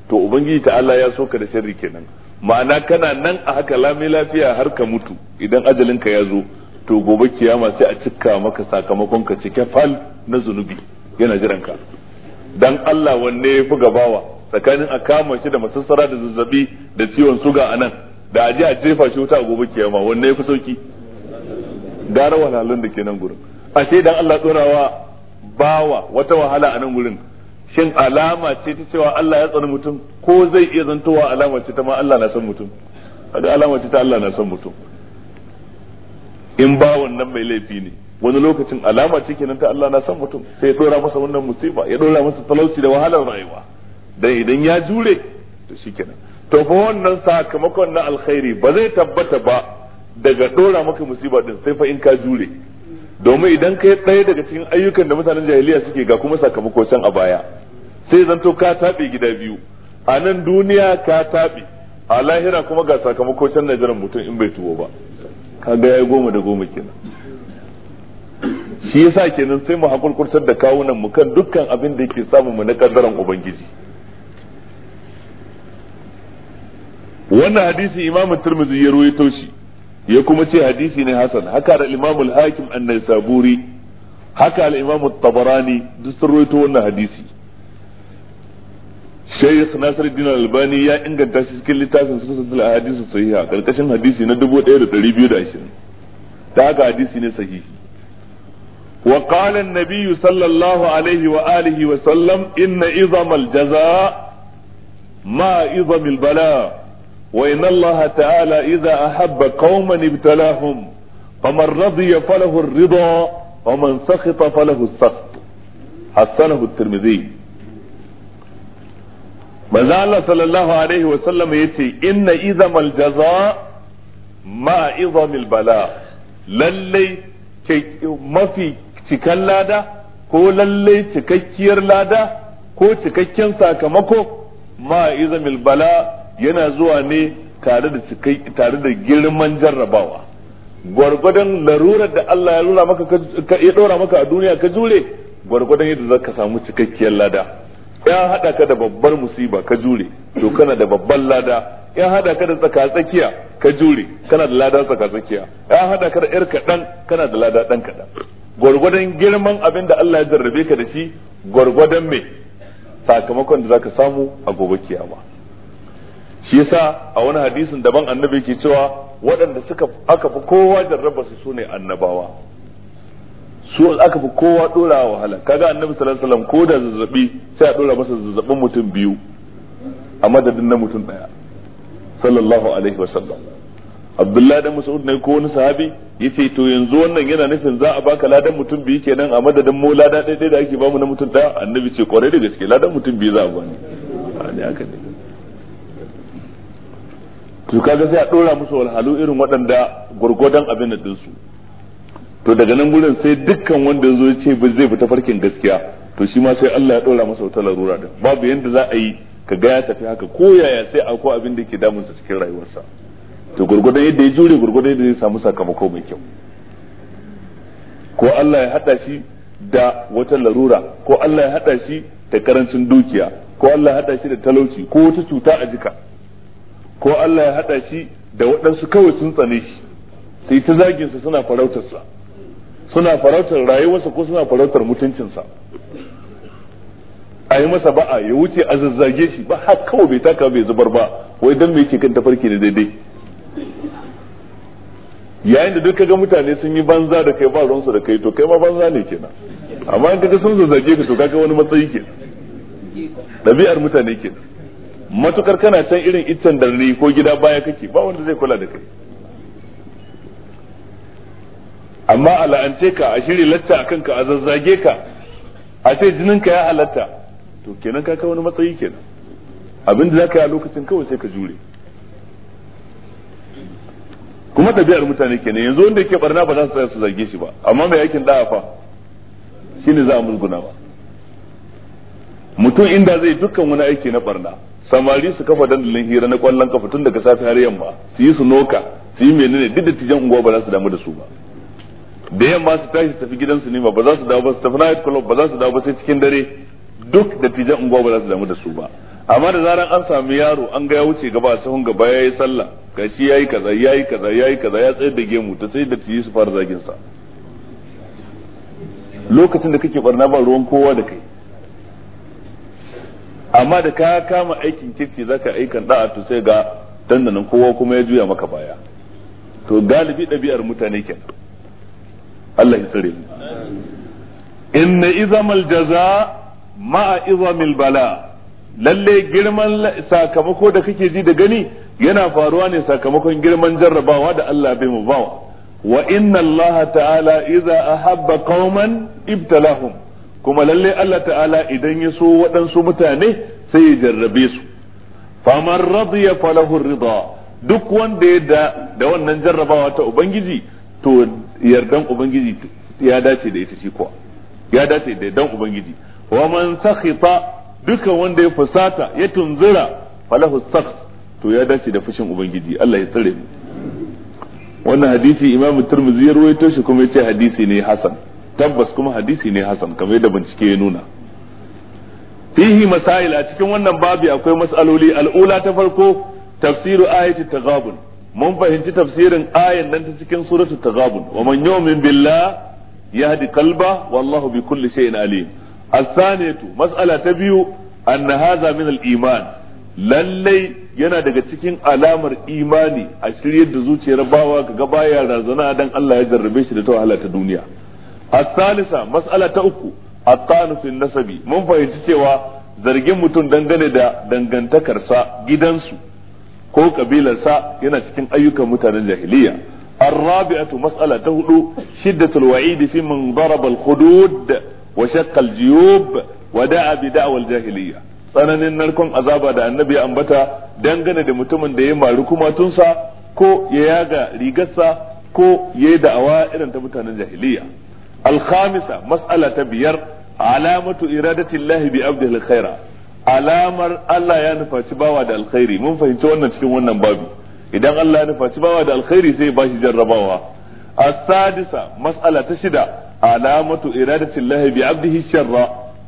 to ubangiji ta Allah ya so ka da sharri kenan ma'ana kana nan a haka lami lafiya har ka mutu idan ajalinka ya zo to gobe kiyama sai a cika maka sakamakon ka cike fal na zunubi yana jiranka dan Allah wanne ya fi gabawa tsakanin a kama shi da masassara da zazzabi da ciwon suga a nan da aje a jefa shi wuta a gobe kiyama wanne ya fi sauki gara wahalhalun da ke nan gurin ashe dan Allah tsorawa bawa wata wahala a nan gurin shin alama ce ta cewa Allah ya tsani mutum ko zai iya zantowa alama ce ta ma Allah na san mutum kaga alama ce ta Allah na san mutum in ba wannan mai laifi ne wani lokacin alama ce kenan ta Allah na san mutum sai ya dora masa wannan musiba ya dora masa talauci da wahalar rayuwa dan idan ya jure to shikenan to fa wannan sakamakon na alkhairi ba zai tabbata ba daga dora maka musiba din sai fa in ka jure domin idan kai ɗaya daga cikin ayyukan da mutanen jahiliya suke ga kuma sakamako can a baya sai zanto ka taɓe gida biyu a nan duniya ka taɓe a lahira kuma ga sakamako can na jiran mutum in bai tuwo ba ka ga yayi goma da goma kenan shi yasa kenan sai mu hakurkurtar da kawunan mu kan dukkan abin da yake samu mu na kaddaran ubangiji wannan hadisi imamu turmizi ya ruwaito shi ya kuma ce hadisi ne hasan haka da imam al-hakim an-naisaburi haka da imam tabarani duk sun rawaito wannan hadisi Shaykh Nasiruddin Albani ya inganta shi cikin littafin Sunan al-Ahadith sahiha karkashin hadisi na 1220 da haka hadisi ne sahihi وقال النبي صلى الله عليه وآله وسلم إن إظم الجزاء ما إظم البلاء وإن الله تعالى إذا أحب قوما ابتلاهم فمن رضي فله الرضا ومن سخط فله السخط حسنه الترمذي ماذا الله صلى الله عليه وسلم يتي إن إذا ما الجزاء ما إظم البلاء للي ما في cikan lada ko lalle cikakkiyar lada ko cikakken sakamako ma izamil البلاء yana zuwa ne tare da cikai tare da girman jarrabawa gwargwadon larurar da Allah ya lura maka ya dora maka a duniya ka jure gwargwadon yadda zaka samu cikakkiyar lada ya hada ka da babbar musiba ka jure to kana da babbar lada ya hada ka da tsakatsakiya ka jure kana da lada tsakatsakiya ya hada ka da yar kaɗan kana da lada ɗan kaɗan gwargwadon girman abin da Allah ya jarrabe ka da shi gwargwadon me sakamakon da zaka samu a gobe kiyama shi yasa a wani hadisin daban annabi yake cewa waɗanda suka aka fi kowa jarraba su sune annabawa su aka fi kowa dora wahala kaga annabi sallallahu alaihi wasallam ko da zazzabi sai a dora masa zazzabin mutum biyu a madadin na mutum daya sallallahu alaihi wasallam abdullahi dan mas'ud ne ko wani sahabi yace to yanzu wannan yana nufin za a baka ladan mutum biyu kenan a madadin mu ladan daidai da ake bamu na mutum daya annabi ce kwarai da gaske ladan mutum biyu za a bani ne aka ne to kaga sai a dora musu walhalu irin waɗanda gurgurdan abin da su to daga nan gurin sai dukkan wanda zo ce ba zai fita farkin gaskiya to shi ma sai Allah ya dora masa wata larura din babu yanda za a yi ka ga ya tafi haka ko yaya sai akwai abin da ke sa cikin rayuwarsa to gurgurdan yadda ya jure gurgurdan yadda zai samu sakamako mai kyau ko Allah ya hada shi da wata larura ko Allah ya hada shi da karancin dukiya ko Allah ya hada shi da talauci ko wata cuta a jika ko Allah ya hada shi da waɗansu kawai sun tsane shi sai ta zagin suna farautarsa suna farautar rayuwarsa ko suna farautar mutuncinsa a yi masa ba'a ya wuce a zazzage shi ba har kawai bai taka bai zubar ba wai dan me yake kan tafarki da daidai yayin da duk ga mutane sun yi banza da kai ba ruwansu da kai to kai ma banza ne kenan amma in kaga sun zazzage ka to kaga wani matsayi kenan ɗabi'ar mutane kenan matukar kana can irin iccen darni ko gida baya kake ba wanda zai kula da kai amma a la'ance ka a shiri latta a kanka a zazzage ka a ce jininka ya halatta to kenan ka kai wani matsayi kenan abinda za ka yi a lokacin kawai sai ka jure kuma tabi'ar mutane kenan yanzu wanda yake barna ba za su tsaya su zage shi ba amma mai aikin da'a fa shine za a musguna ba mutum inda zai dukkan wani aiki na barna samari su kafa dandalin hira na kwallon kafa tun daga safe har yamma su yi su noka su yi menene duk da tijan unguwa ba za su damu da su ba da yamma su tashi su tafi gidan su nima ba za su dawo ba su tafi night club ba za su dawo ba sai cikin dare duk da tijan unguwa ba za su damu da su ba amma da zaran an sami yaro an ga ya wuce gaba a sahun gaba ya yi sallah gashi ya yi kaza ya yi kaza ya yi kaza ya tsayar da gemu ta sai da tiyi su fara zagin sa lokacin da kake barna ba ruwan kowa da kai amma da ka kama aikin kirki zaka aikan da'a to sai ga dandanan kowa kuma ya juya maka baya to galibi ɗabi'ar mutane kenan Allah ya tsare mu inna izamal jaza ma izamil bala lalle girman sakamako da kake ji da gani yana faruwa ne sakamakon girman jarrabawa da Allah bai mu bawa wa inna Allah ta'ala idza ahabba qauman ibtalahum kuma lalle Allah ta'ala idan ya so waɗansu mutane sai ya jarrabe su faman radiya falahu rida duk wanda ya da da wannan jarrabawa ta ubangiji to yardan ubangiji ya dace da ita shi kuwa ya dace da yardan ubangiji wa man sakhita duka wanda ya fusata ya tunzura falahu sakh to ya dace da fushin ubangiji Allah ya tsare mu wannan hadisi imamu turmuzi ya ruwaito shi kuma ya ce hadisi ne hasan tabbas kuma hadisi ne hasan kamar yadda bincike ya nuna fihi masail a cikin wannan babi akwai mas'aloli al'ula ta farko tafsiru ayati tagabun mun fahimci tafsirin ayan nan ta cikin suratu tagabun wa man yu'min billah yahdi qalba wallahu bi kulli shay'in alim as-saniyatu mas'ala ta biyu anna hadha min al-iman lallai yana daga cikin alamar imani a shiryar da zuciyar bawa ga baya razana dan Allah ya jarrabe shi da ta wahala ta duniya الثالثة مسألة uku الطعن في النسب من fahimci cewa zargin mutum dangane da dangantakarsa gidansu ko kabilarsa yana cikin ayyukan mutanen jahiliya الرابعة مسألة تهدو شدة الوعيد في من ضرب الخدود wa da'a bi بدعوى jahiliya tsananin narkon azaba da annabi ya ambata dangane da mutumin da ya mari kumatunsa ko ya yaga rigarsa ko ya yi da'awa irin ta mutanen jahiliya الخامسة مسألة biyar علامة إرادة الله بعبده الخير alamar Allah ya nufaci bawa da alkhairi mun fahimci wannan cikin wannan babu idan Allah ya nufaci bawa da alkhairi sai ba shi jarrabawa as-sadisa mas'ala ta shida alamatu iradati Allah bi 'abdihi sharra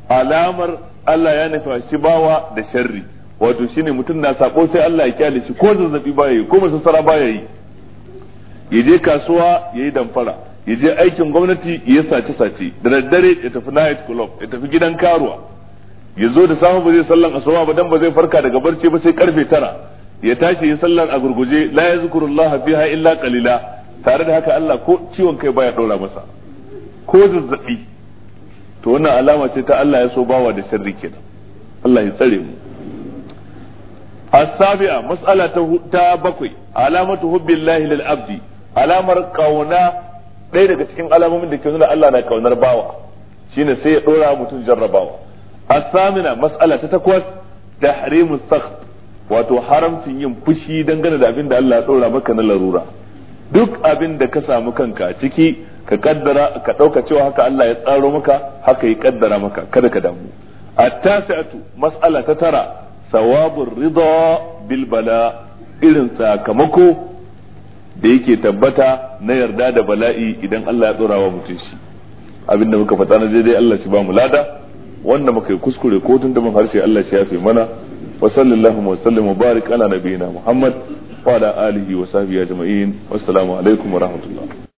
alamar Allah ya nufaci bawa da sharri wato shine mutum na sako sai Allah ya kyale shi ko zazzabi baya yi ko masassara baya yi yaje kasuwa yayi damfara ya je aikin gwamnati ya sace sace da daddare ya tafi night club ya tafi gidan karuwa ya zo da safe ba zai sallan asuba ba dan ba zai farka daga barci ba sai karfe tara ya tashi ya sallan a gurguje la yazkurullaha fiha illa qalila tare da haka Allah ko ciwon kai baya dora masa ko zazzabi to wannan alama ce ta Allah ya so bawa da sirri kenan Allah ya tsare mu السابعة ta bakwai alamatu hubbillahi lil abdi alamar kauna ɗaya daga cikin alamomin da ke nuna Allah na kaunar bawa shine sai ya ɗora mutum jarrabawa asamina mas'ala ta takwas da tahrimu sakht wato haramcin yin fushi dangane da abin da Allah ya ɗora maka na larura duk abin da ka samu kanka a ciki ka kaddara ka cewa haka Allah ya tsaro maka haka ya kaddara maka kada ka damu a tasiatu mas'ala ta tara sawabin ridha bilbala irin sakamako da yake tabbata na yarda da bala'i idan Allah ya tsorawa wa mutum shi da muka faɗa na daidai Allah shi ba mu lada wanda muka yi kuskure ko tun da mun harshe Allah shi yafe mana wa sallallahu wa sallam wa barik ala nabiyina Muhammad wa ala alihi wa sahbihi ajma'in wassalamu alaikum wa rahmatullah